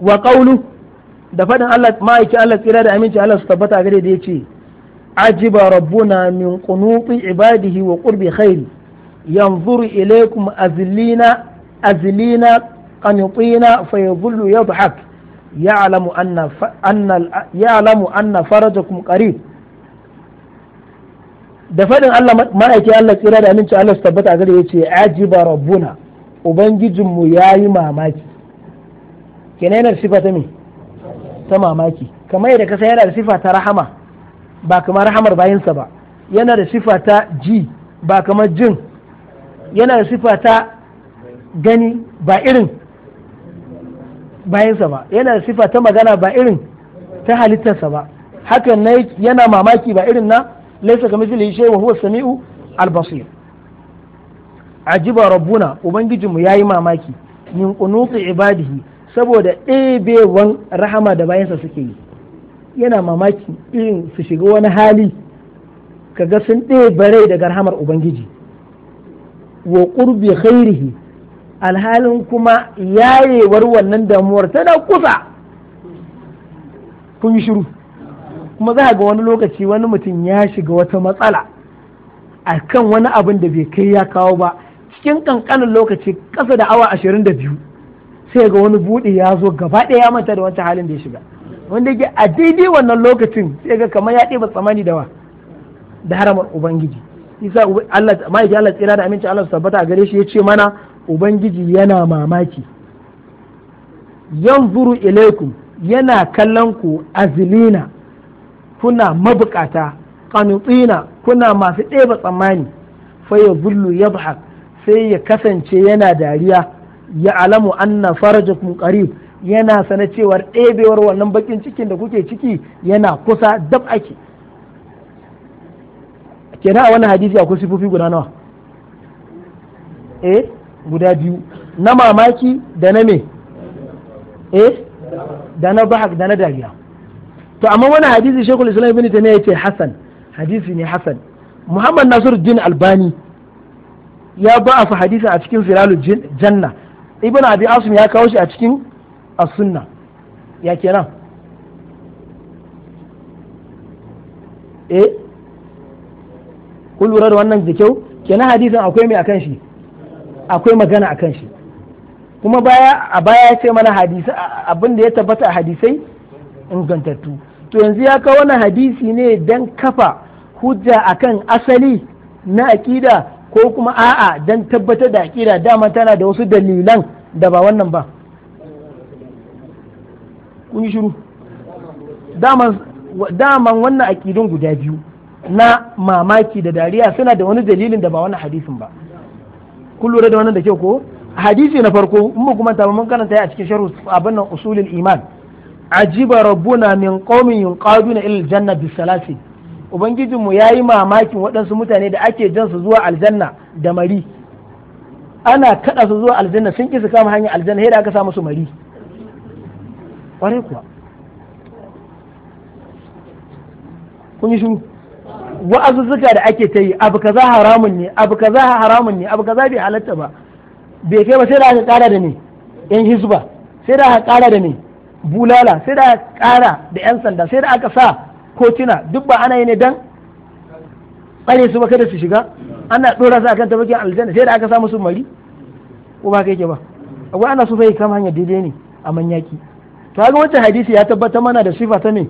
wa qawlu da fadin Allah ma'aiki Allah tsira da aminci Allah su tabbata gare da yace ajiba rabbuna min qunuti ibadihi wa qurbi khairi yanzuru ilaykum azlina azlina qanitina fayadhullu yadhak ya'lamu anna ف... أن يعلم أن فرجكم da faɗin Allah ma'aiki Allah tsira da aminci Allah su tabbata gare ya ce ajiba rabbuna ubangijinmu ya yi mamaki kenan yana da sifa ta me ta mamaki kamar yadda kasa yana da sifa ta rahama ba kamar rahamar bayansa ba yana da sifa ta ji ba kamar jin yana da sifa ta gani ba irin bayansa ba yana da sifa ta magana ba irin ta halittarsa ba hakan yana mamaki ba irin na laysa kamithlihi shay wa huwa samiu al ajiba rabbuna ya yayi mamaki min qunuti ibadihi saboda ɗebewan rahama da bayansa suke yi yana mamaki irin su shiga wani hali kaga sun ɗebe rai daga rahamar ubangiji wa ƙurbi khairihi alhalin kuma yayewar wannan damuwar tana kusa kun yi shiru kuma za a ga wani lokaci wani mutum ya shiga wata matsala a kan wani abin da bai kai ya kawo ba cikin kankanin lokaci kasa da awa ashirin da biyu sai ga wani buɗe ya zo gaba ɗaya ya manta da wancan halin da ya shiga wanda yake a daidai wannan lokacin sai ga kamar ya ɗeba tsamani da wa da haramar ubangiji isa Allah ma'aikin Allah tsira da aminci Allah su tabbata a gare shi ya ce mana ubangiji yana mamaki yanzuru ilaikum yana kallon ku azilina kuna mabukata kanutsina kuna masu ɗeba tsammani bullu ya sai ya kasance yana dariya ya alamu anna farajakum karib yana sana cewar ɗebewar wannan bakin cikin da kuke ciki yana kusa dab ake kenan a wannan hadisi akwai sifofi guda nawa eh guda biyu na mamaki da na me eh da na bahak da na dariya to amma wani hadisi shekul islam ibn taymiya ce hasan hadisi ne hasan muhammad nasiruddin albani ya ba'afa hadisi a cikin firalu janna ibn abi asim ya kawo shi a cikin as-sunna ya kenan eh kun da wannan da kyau kenan hadisin akwai mai akan shi akwai magana akan shi kuma baya a baya ya ce mana hadisi abin da ya tabbata a hadisai ingantattu to yanzu ya kawo wani hadisi ne don kafa hujja akan asali na aƙida ko kuma a'a don tabbatar da aƙida dama tana da wasu dalilan da ba wannan ba kun yi shiru daman wannan aƙidun guda biyu na mamaki da dariya suna da wani dalilin da ba wannan hadisin ba kun lura da wannan da kyau ko hadisi na farko in kuma ta mun karanta a cikin sharhu abin nan usulul iman ajiba rabbuna min qaumin yunqaduna ila aljanna bisalasi ubangijinmu yayi mamakin waɗansu mutane da ake jan su zuwa aljanna da mari ana kada su zuwa aljanna sun ki su kama hanyar aljanna sai da aka sa musu mari kwarai kuwa kun yi shiru wa'azuzzuka da ake ta yi abu kaza haramun ne abu kaza haramun ne abu kaza bai halatta ba bai kai ba sai da aka kara da ne yan hizba sai da aka kara da ne bulala sai da kara da 'yan sanda sai da aka sa kotuna duk ba ana yi ne dan tsare su ba kada su shiga ana dora su akan tabakin aljanna sai da aka sa musu mari ko ba kai ke ba akwai ana so sai kama hanyar daidai ne a manyaki to haka wancan hadisi ya tabbatar mana da sifa ta ne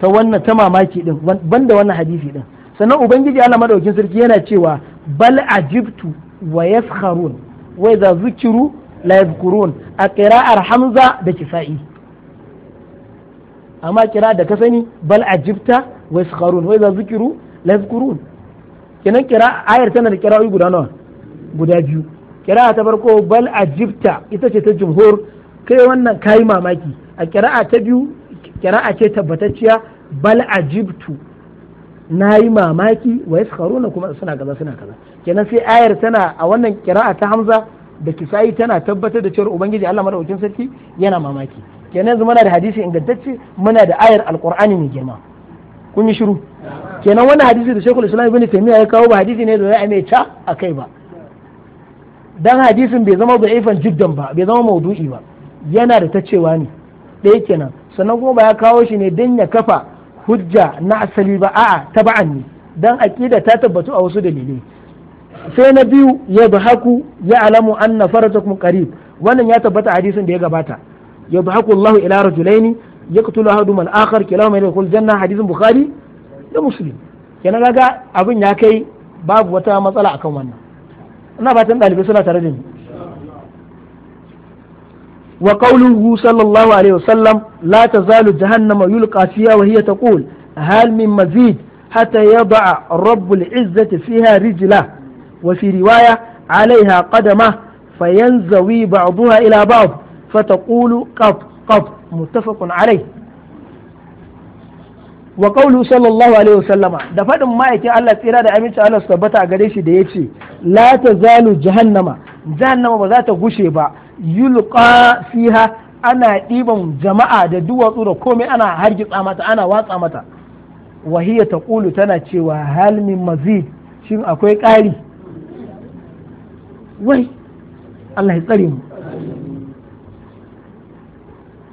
ta wannan ta mamaki din banda wannan hadisi din sannan ubangiji Allah madaukin sarki yana cewa bal ajibtu wa yaskharun wa idza zukiru la yadhkurun a qira'ar hamza da kisa'i amma kira da ka sani bal ajibta wa iskharun wa idza zikiru la yazkurun kenan kira ayar tana da kirawoyi guda nawa guda biyu kira ta farko bal ajibta ita ce ta jumhur kai wannan kai mamaki a kira'a ta biyu kira'a ce tabbatacciya bal ajibtu na yi mamaki wa yaskharuna kuma suna kaza suna kaza kenan sai ayar tana a wannan kira'a ta hamza da kisayi tana tabbatar da cewar ubangiji Allah madaukin sarki yana mamaki kenan yanzu muna da hadisi ingantacce muna da ayar alkurani mai girma kun yi shiru kenan wannan hadisi da shekul islam ibn taymiya ya kawo ba hadisi ne da ya mai ca a kai ba dan hadisin bai zama da'ifan jiddan ba bai zama maudu'i ba yana da ta cewa ne ɗaya kenan sannan kuma ba ya kawo shi ne dan ya kafa hujja na asali ba a'a taba'an ne dan aqida ta tabbatu a wasu dalilai sai na biyu ya bi haku ya alamu an anna faratakum qarib wannan ya tabbata hadisin da ya gabata yadhaku Allahu ila rajulaini yaqtulu ahaduhuma al-akhar kilahuma yadkhul janna hadithun bukhari da muslim kenan kaga abin ya kai babu wata matsala akan wannan ina fatan ɗalibai suna tare da ni wa qawluhu sallallahu alaihi wasallam la tazalu jahannama yulqa wa hiya taqul hal min mazid حتى يضع رب العزة فيها رجله وفي رواية عليها قدمه a buha ila بعض فتقول قف قف متفق عليه wa qawlu sallallahu alaihi wasallama da faɗin ma'aikin Allah tsira da abinci Allah su tabbata a gare shi da yace la tazalu jahannama jahannama ba za ta gushe ba yulqa fiha ana ɗiban jama'a da duwatsu da komai ana hargitsa mata ana watsa mata wa hiya taqulu tana cewa hal min mazid shin akwai ƙari wai Allah ya tsare mu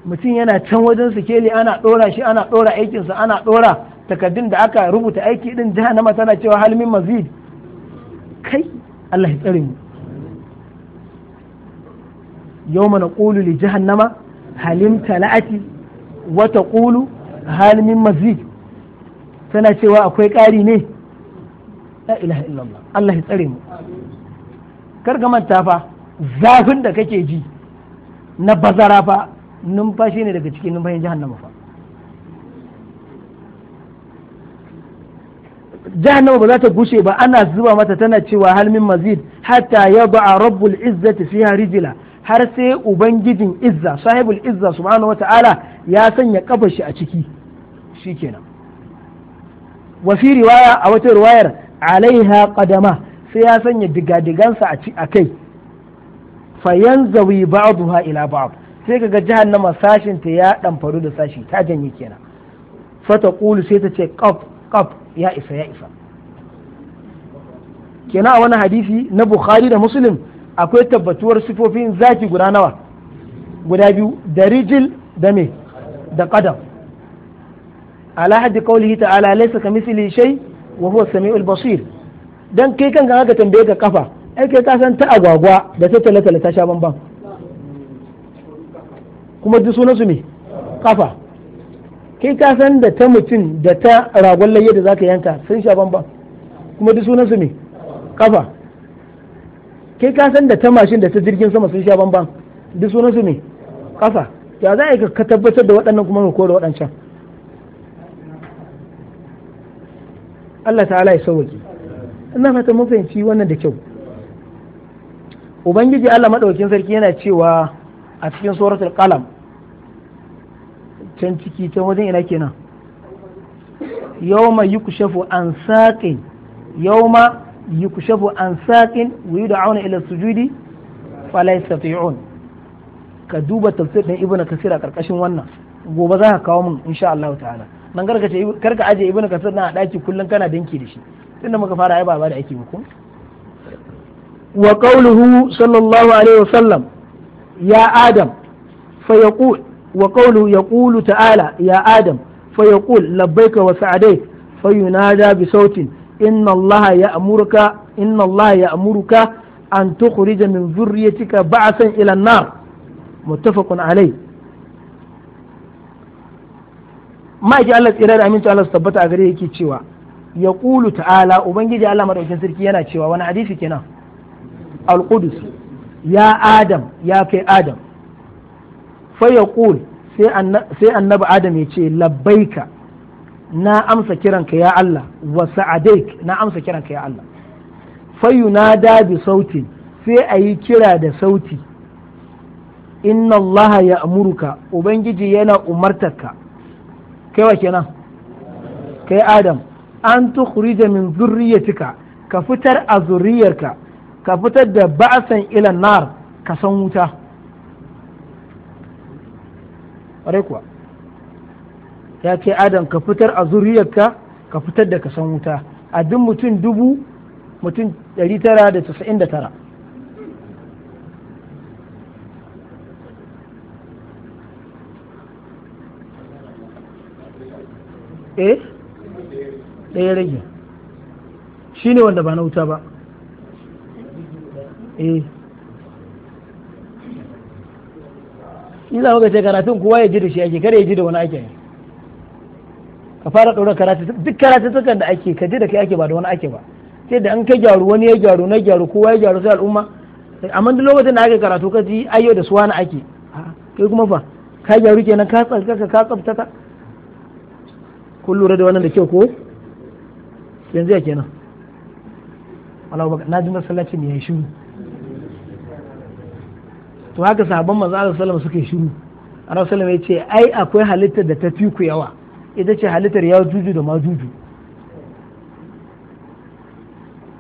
mutum yana can wajen sikeli ana ɗora shi ana ɗora aikinsa ana ɗora takardun da aka rubuta aiki din jahannama tana cewa halimin mazid kai Allah ya tsare mu yawma naqulu li jahannama halim tala'ati wa taqulu halimin mazid tana cewa akwai ƙari ne la ilaha illallah Allah ya tsare mu kar ga manta fa zafin da kake ji na bazara fa numfashi ne daga cikin numfashin jahannama fa jahannama ba za ta gushe ba ana zuba mata tana cewa halmin mazid hatta ya ba'a rabbul izzati fiha rijila har sai ubangijin izza sahibul izza subhanahu wata'ala ya sanya kafar shi a ciki shikenan wa fi riwaya a wata riwayar alaiha qadama sai ya sanya digadigansa a kai fayanzawi duha ila ba'd sai ka ga jahannama sashin ta ya dan faru da sashi ta janye kenan fata qulu sai ta ce kaf kaf ya isa ya isa kenan a wani hadisi na bukhari da muslim akwai tabbatuwar sifofin zaki guda nawa guda biyu da rijil da me da qadam ala hadi qawlihi ta'ala laysa kamithli shay wa huwa samiul basir dan kai kanka ka tambaye ka kafa ai kai ka san ta agwagwa da ta tale tale ta sha bamban kuma duk sunansu ne kafa kai ka san da ta mutum da ta ragon layya da zaka yanka sun sha bamban kuma duk sunansu ne kafa kai ka san da ta mashin da ta jirgin sama sun sha bamban duk sunansu ne kafa ya za a yi ka tabbatar da waɗannan kuma ka kore waɗancan Allah ta'ala ya sauwaƙe ina fata mun fahimci wannan da kyau ubangiji Allah maɗaukin sarki yana cewa a cikin suratul qalam can ciki can wajen ina kenan yawma yukshafu an saqin yawma yukshafu an saqin wa yud'auna ila sujudi fala yastati'un ka duba tafsir din ibnu kasir a karkashin wannan gobe za ka kawo min insha Allah ta'ala nan garka ce karka aje ibnu kasir na a daki kullun kana dinki da shi tunda muka fara ai baba da ake muku wa qawluhu sallallahu alaihi wasallam ya adam fa yaqul wa qawlu ta'ala ya adam fa yaqul labbaika wa sa'adai fa yunada bi sautin inna allaha ya'muruka inna allaha ya'muruka an tukhrija min dhurriyyatika ba'san ila an-nar muttafaqun alayh ma'aiki Allah tsira da aminci Allah su tabbata a gare yake cewa ya ta'ala ubangiji Allah maɗaukin sarki yana cewa wani hadisi kenan al-qudus ya adam ya kai adam fayaqul sai annabi adam ya ce labbaika na amsa kiranka ya Allah wa sa'adaik na amsa kiranka ya Allah fayunada bi sautin sai ayi kira da sauti inna Allah ya amurka ubangiji yana umartarka kai wa kenan kai adam an tukhrija min zurriyatika ka fitar a zurriyarka ka fitar da ba'asan ilan nar ka san wuta kuwa ya ce adam ka fitar a zuriyarka ka fitar da ka san wuta a duk mutum dubu mutum 999 eh ɗaya rage shi ne wanda ba na wuta ba eh shi za ka ce karatun kowa ya ji da shi ake kare ya ji da wani ake ka fara ɗaura karatu duk karatuttukan da ake ka ji da kai ake ba da wani ake ba sai da an ka gyaru wani ya gyaru na gyaru kowa ya gyaru sai al'umma amma duk lokacin da aka karatu ka ji ayyo da suwa na ake kai kuma fa ka gyaru kenan ka tsarkaka ka tsaftata kun lura da wannan da kyau ko yanzu ya kenan na ji masallaci ne ya shiru to haka sahabban manzo Allah sallallahu suke shiru Allah sallallahu ya ce ai akwai halittar da ta fi ku yawa ita ce halittar ya juju da juju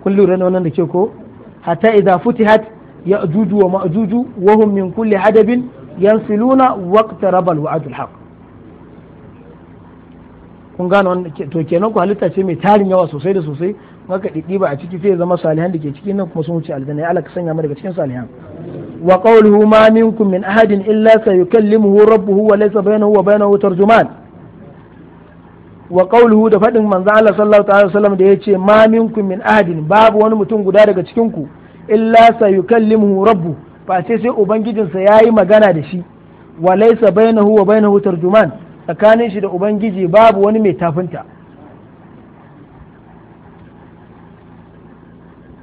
kun lura ne wannan da ke ko hatta idza futihat juju wa ma'juju wa hum min kulli hadabin yansiluna waqtaraba rabal wadul haqq kun gane wannan to kenan ku halitta ce mai tarin yawa sosai da sosai maka ba a ciki sai ya zama salihan da ke ciki nan kuma sun wuce aljanna ya Allah ka sanya mu daga cikin salihan wa qawluhu ma minkum min ahadin illa sayukallimuhu rabbuhu wa laysa bainahu wa bainahu tarjuman wa qawluhu da fadin manzo Allah sallallahu ta'ala wasallam da yace ma minkum min ahadin babu wani mutum guda daga cikin ku illa sayukallimuhu rabbu fa sai sai ubangijinsa yayi magana da shi wa laysa bainahu wa bainahu tarjuman tsakanin shi da ubangiji babu wani mai tafinta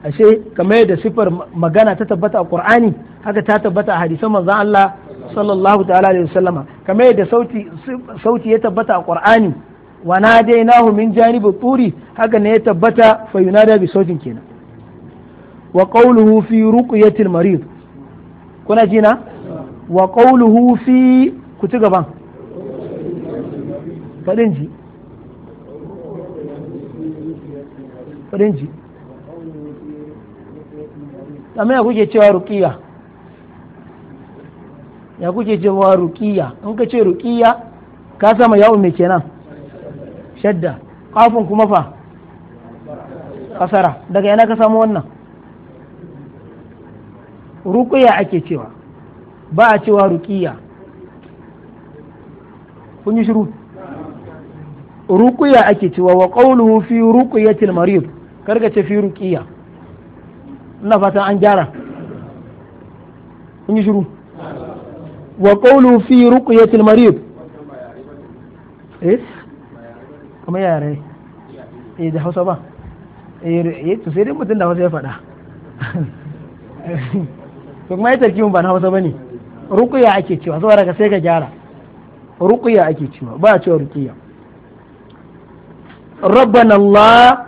ashe kamar yadda sifar magana ta tabbata a qur'ani haka ta tabbata a hadisan manzon Allah sallallahu ta'ala alaihi wasallama kamar yadda sauti sauti ya tabbata a qur'ani wa nadainahu min janibi turi haka ne ya tabbata fa yunada bi sautin kenan wa qawluhu fi ruqyati al-marid kuna jina wa qawluhu fi ku ci gaban faɗin ji ji amma ya kuke cewa ruqiya ya kuke cewa ruqiya in ka ce ruqiya ka sama yawon mai kenan shadda kafin kuma fa kasara daga yana ka samu wannan ruqiya ake cewa ba a cewa ruqiya kun yi shiru ruqiya ake cewa wa qawluhu fi ruqiyatil marid karka ce fi ruqiya ina fatan an gyara kun yi shiru wa qawlu fi ruqyatil marid eh kuma yare eh da Hausa ba eh, eh to sai dai mutun da Hausa ya faɗa to kuma ya kiyun ba na Hausa bane ruqya ake cewa saboda ka sai ka gyara ruqya ake cewa ba a cewa ruqya ربنا الله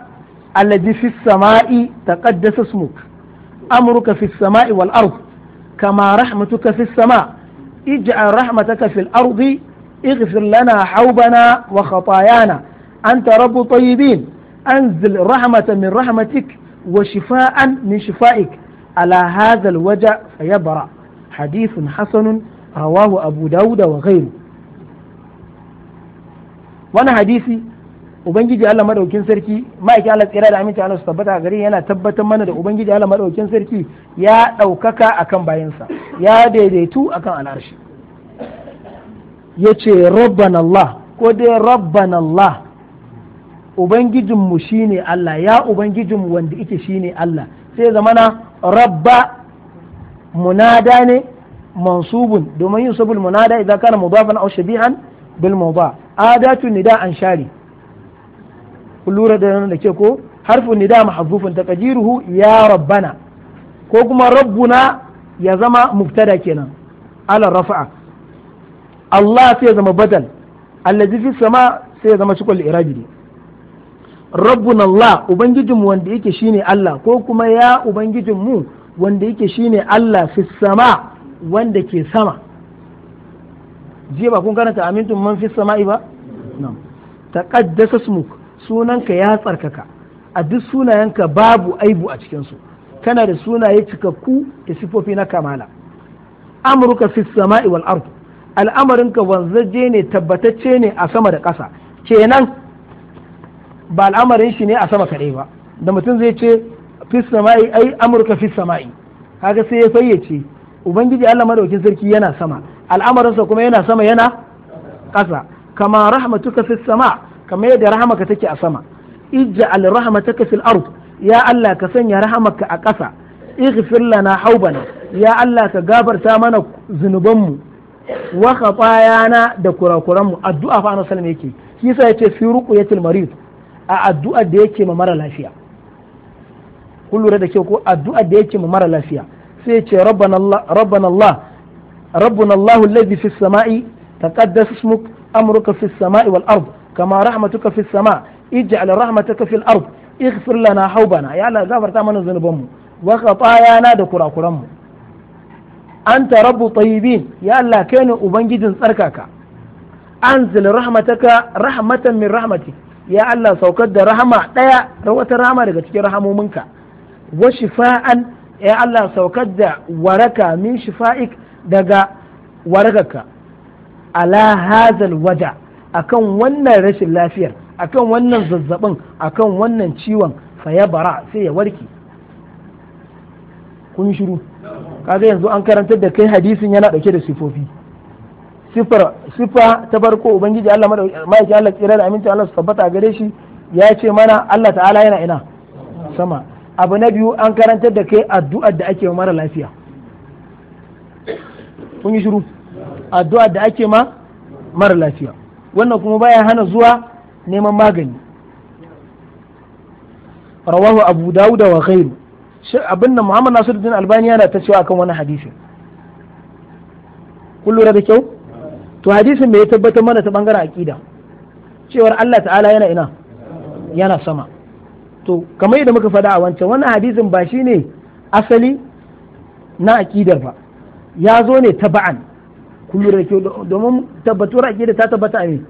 الذي في السماء تقدس اسمك أمرك في السماء والأرض كما رحمتك في السماء اجعل رحمتك في الأرض اغفر لنا حوبنا وخطايانا أنت رب الطيبين أنزل رحمة من رحمتك وشفاء من شفائك على هذا الوجع فيبرأ حديث حسن رواه أبو داود وغيره وانا حديثي ubangiji Allah madaukin sarki ma'aikin Allah tsira da aminci Allah su tabbata gari yana tabbatar mana da ubangiji Allah madaukin sarki ya ɗaukaka akan bayansa ya daidaitu akan al'arshi yace rabban Allah ko dai rabban Allah ubangijin mu shine Allah ya ubangijin wanda yake shine Allah sai zamana rabba munada ne mansubun domin yin yusabul munada idan kana mudafan aw shabihan bil mudaf adatu nida an shari ku lura da nan da ke ko harfin nida ta taqdiruhu ya rabbana ko kuma rabbuna ya zama mubtada kenan ala rafa'a Allah sai ya zama badal allazi fi sama sai ya zama cikul irabi rabbuna Allah ubangijinmu wanda yake shine Allah ko kuma ya ubangijinmu wanda yake shine Allah fi sama wanda ke sama jiya ba kun karanta amintun man fi sama'i ba ta taqaddasa smuk sunanka ya tsarkaka a duk sunayenka babu aibu a cikinsu kana da sunaye cikakku da sifofi na kamala amurka fi sama'i wal ardu al'amarinka wanzaje ne tabbatacce ne a sama da ƙasa kenan ba al'amarin shi ne a sama kaɗai ba da mutum zai ce fi sama'i ai amurka fi sama'i kaga sai ya fayyace ubangiji Allah madaukin sarki yana sama al'amarinsa kuma yana sama yana ƙasa kama rahmatuka fi sama kamar yadda rahamaka take a sama ij'al rahmataka fil ard ya Allah ka sanya rahamaka a ƙasa ighfir lana haubana ya Allah ka gafarta mana zunubanmu wa khatayana da kurakuranmu addu'a fa annabi sallallahu alaihi wasallam yake shi yace fi ruqyatil marid a addu'a da yake ma mara lafiya kun da ke ko addu'a da yake ma mara lafiya sai yace ce rabbana allah rabbana allah rabbuna allah alladhi fis sama'i taqaddas ismuk amruka fis sama'i wal ard kama rahmatuka fis sama ij'al rahmataka fil ard ighfir lana haubana ya Allah gafarta mana zunubanmu wa khatayana da kurakuranmu anta rabbu tayyibin ya Allah kai ne ubangijin tsarkaka anzil rahmataka rahmatan min rahmati ya Allah saukar da rahama ɗaya da wata rahama daga cikin rahamominka wa shifa'an ya Allah saukar da waraka min shifa'ik daga warakarka ala hazal waja' akan wannan rashin lafiyar akan wannan zazzabin akan wannan ciwon fa ya bara sai ya warke kun shiru kaga yanzu an karantar da kai hadisin yana dauke da sifofi sifar sifa ta farko ubangiji Allah ma'aiki Allah tsira da aminci Allah su tabbata gare shi ya ce mana Allah ta'ala yana ina sama abu na biyu an karantar da kai addu'ar da ake mara lafiya kun yi shiru addu'ar da ake ma mara lafiya wannan kuma baya hana zuwa neman magani rawahu abu dawuda wa ghairu abin da muhammad nasiruddin albani yana ta cewa kan wani hadisin kun lura da kyau to hadisin bai tabbatar mana ta bangaren aqida cewar Allah ta'ala yana ina yana sama to kamar yadda muka faɗa a wancan wannan hadisin ba shine asali na aqidar ba ya zo ne ta ba'an. Ku lura kyau domin tabbatuwar aqida ta tabbata amin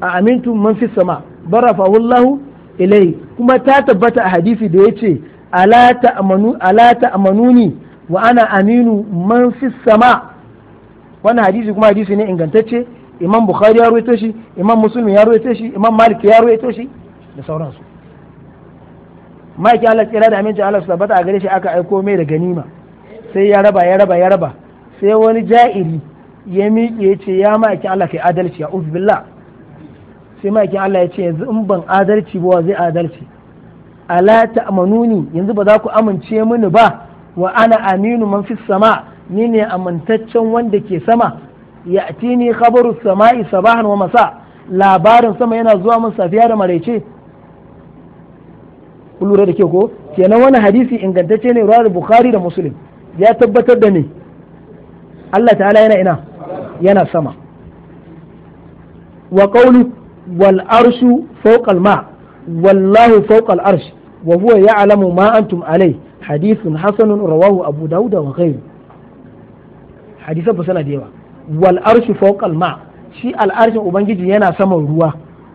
a amintu man fi sama barafa wallahu ilai kuma ta tabbata a hadisi da yace ala ta'manu ala ta'manuni wa ana aminu man fi sama wannan hadisi kuma hadisi ne ingantacce imam bukhari ya ruwaito shi imam muslim ya ruwaito shi imam malik ya ruwaito shi da sauransu maki Allah tsira da aminci Allah su tabbata a gare shi aka aiko mai da ganima sai ya raba ya raba ya raba sai wani ja'iri ya miƙe ya ce ya ma'aikin Allah kai adalci a billah sai ma'aikin Allah ya ce yanzu in ban adalci ba zai adalci ala ta'manuni yanzu ba za ku amince mini ba wa ana aminu man fi sama ni ne amintaccen wanda ke sama ya atini khabaru sama'i sabahan wa masa labarin sama yana zuwa min safiya da maraice ku lura da ke ko kenan wani hadisi ingantacce ne ruwa da bukhari da muslim ya tabbatar da ni Allah ta'ala yana ina yana sama wa qawlu wal arshu fawqa ma wallahu fawqa al arsh wa huwa ya'lamu ma antum alayhi hadithun hasanun rawahu abu dauda wa ghayru hadisan ba sana da yawa wal arshu ma shi al arshin ubangiji yana saman ruwa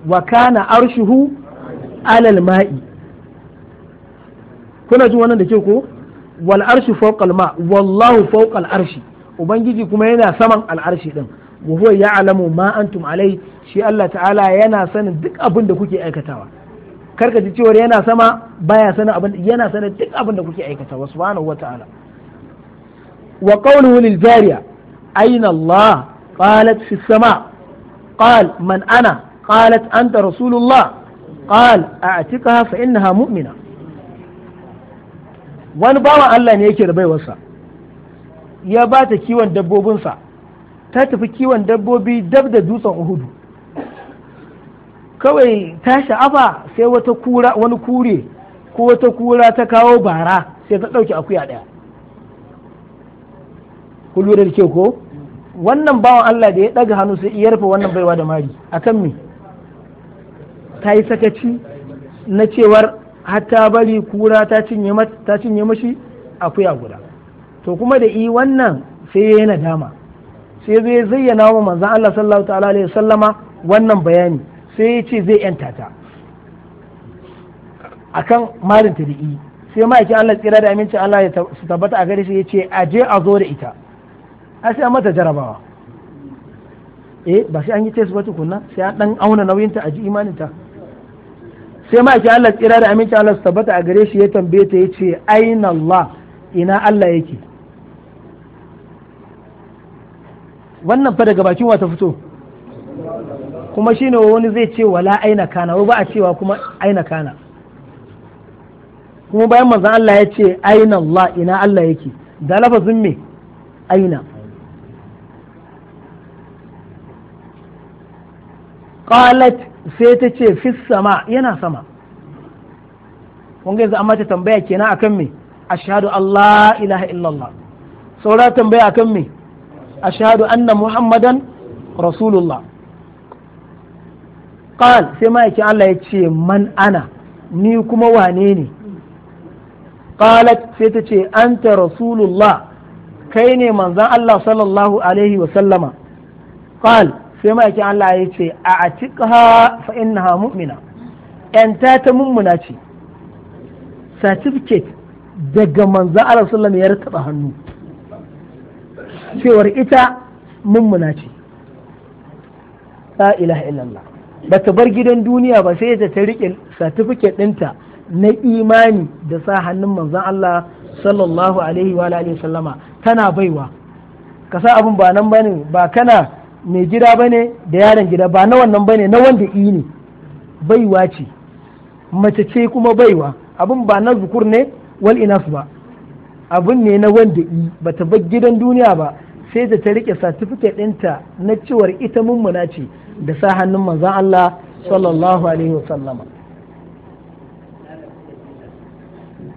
wa kana arshuhu alal ma'i kuna jin wannan da ke ko wal arshu fawqa ma wallahu fawqa arshi ubangiji kuma yana saman al'arshi din wa huwa ya'lamu ma antum alai shi Allah ta'ala yana sanin duk abin da kuke aikatawa karka ji cewa yana sama baya sanin abin yana sanin duk abin da kuke aikatawa subhanahu wata'ala wa qawluhu lil jariya aina Allah qalat fi sama qal man ana qalat anta rasulullah qal a'tikaha fa innaha mu'mina wani bawan Allah ne yake da baiwarsa ya ba ta kiwon dabbobinsa ta tafi kiwon dabbobi dab da dutsen uhudu kawai ta sha'afa sai wata kura wani kure ko wata kura ta kawo bara sai ta ɗauki akuya daya ku lura da ko wannan bawan Allah da ya ɗaga hannu sai iya rufe wannan baiwa da mari akan me ta yi sakaci na cewar hatta bari kura ta cinye mashi akuya guda to kuma da i wannan sai ya yi nadama sai zai zayyana wa manzan Allah sallallahu ta'ala alaihi sallama wannan bayani sai ya ce zai yanta ta akan marinta da i sai ma'aikin Allah tsira da amincin Allah ya tabbata a gare shi ya ce a je a zo da ita a sai mata jarabawa eh ba sai an yi test ba tukunna sai an dan auna nauyin ta a ji ta. sai ma'aikin Allah tsira da amincin Allah su tabbata a gare shi ya tambaye ta ya ce aina Allah ina Allah yake wannan fa daga bakin wata fito kuma shine wani zai ce wala aina kana ba a cewa kuma aina kana kuma bayan manzon Allah ya ce aina Allah ina Allah yake da lafazin me aina qalat sai ta ce fis sama yana sama kun yanzu amma ta tambaya kenan akan me ashhadu Allah ilaha illallah saura tambaya akan me ashadu anna muhammadan rasulullah qal sai ma'aikin Allah ya ce man ana ni kuma wane ne qalat sai ta ce anta rasulullah kai ne manzan Allah sallallahu alaihi wa sallama qal sai ma'aikin Allah ya ce a atiqha fa innaha mu'mina yanta ta mummuna ce certificate daga manzan Allah sallallahu alaihi wa sallama ya rikaba hannu cewar ita mummuna ce la ilaha illallah ba ta bar gidan duniya ba sai ta riƙe satifiket ɗinta na imani da sa hannun manzon Allah sallallahu alaihi wa alihi sallama tana baiwa ka sa abin ba nan bane ba kana mai gida bane da yaron gida ba na wannan bane na wanda i ne baiwa ce mace ce kuma baiwa abin ba na zukur ne wal inas ba abin ne na wanda i bata bar gidan duniya ba sai da ta rike satifiket ɗinta na cewar ita mummuna ce da sa hannun manzan Allah sallallahu alaihi wasallama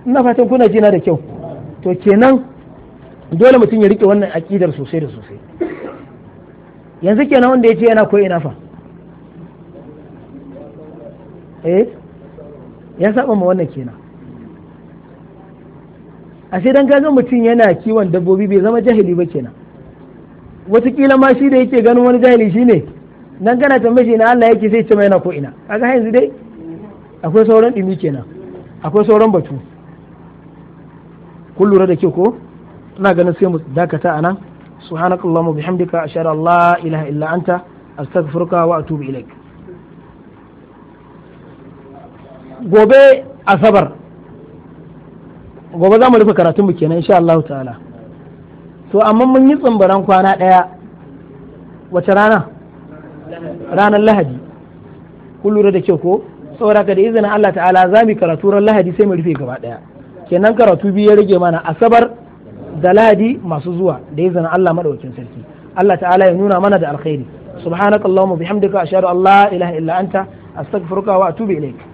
ina fatan kuna jina da kyau to kenan dole mutum ya rike wannan aƙidar sosai da sosai yanzu kenan wanda ya ce yana koyi ina fa eh ya saba ma wannan kenan a sai dan kaga mutum yana kiwon dabbobi bai zama jahili ba kenan watakila ma shi da yake ganin wani jahili shi ne nan gana tambaye shi na Allah yake sai ce mai na ko ina kaga yanzu dai akwai sauran dimi kenan akwai sauran batu kun lura da ke ko ina ganin sai mu dakata anan subhanakallahumma bihamdika ashhadu an la ilaha illa anta astaghfiruka wa atubu ilaik gobe asabar gobe za mu rufe mu kenan insha Allah ta'ala to amma mun yi tsumbaran kwana ɗaya wace rana ranar lahadi kun lura da kyau ko saboda ka da izinin Allah ta'ala za mu karatu ran lahadi sai mu rufe gaba ɗaya kenan karatu biyu ya rage mana asabar da lahadi masu zuwa da izinin Allah madaukakin sarki Allah ta'ala ya nuna mana da alkhairi subhanakallahumma bihamdika ashhadu an la ilaha illa anta astaghfiruka wa atubu ilaik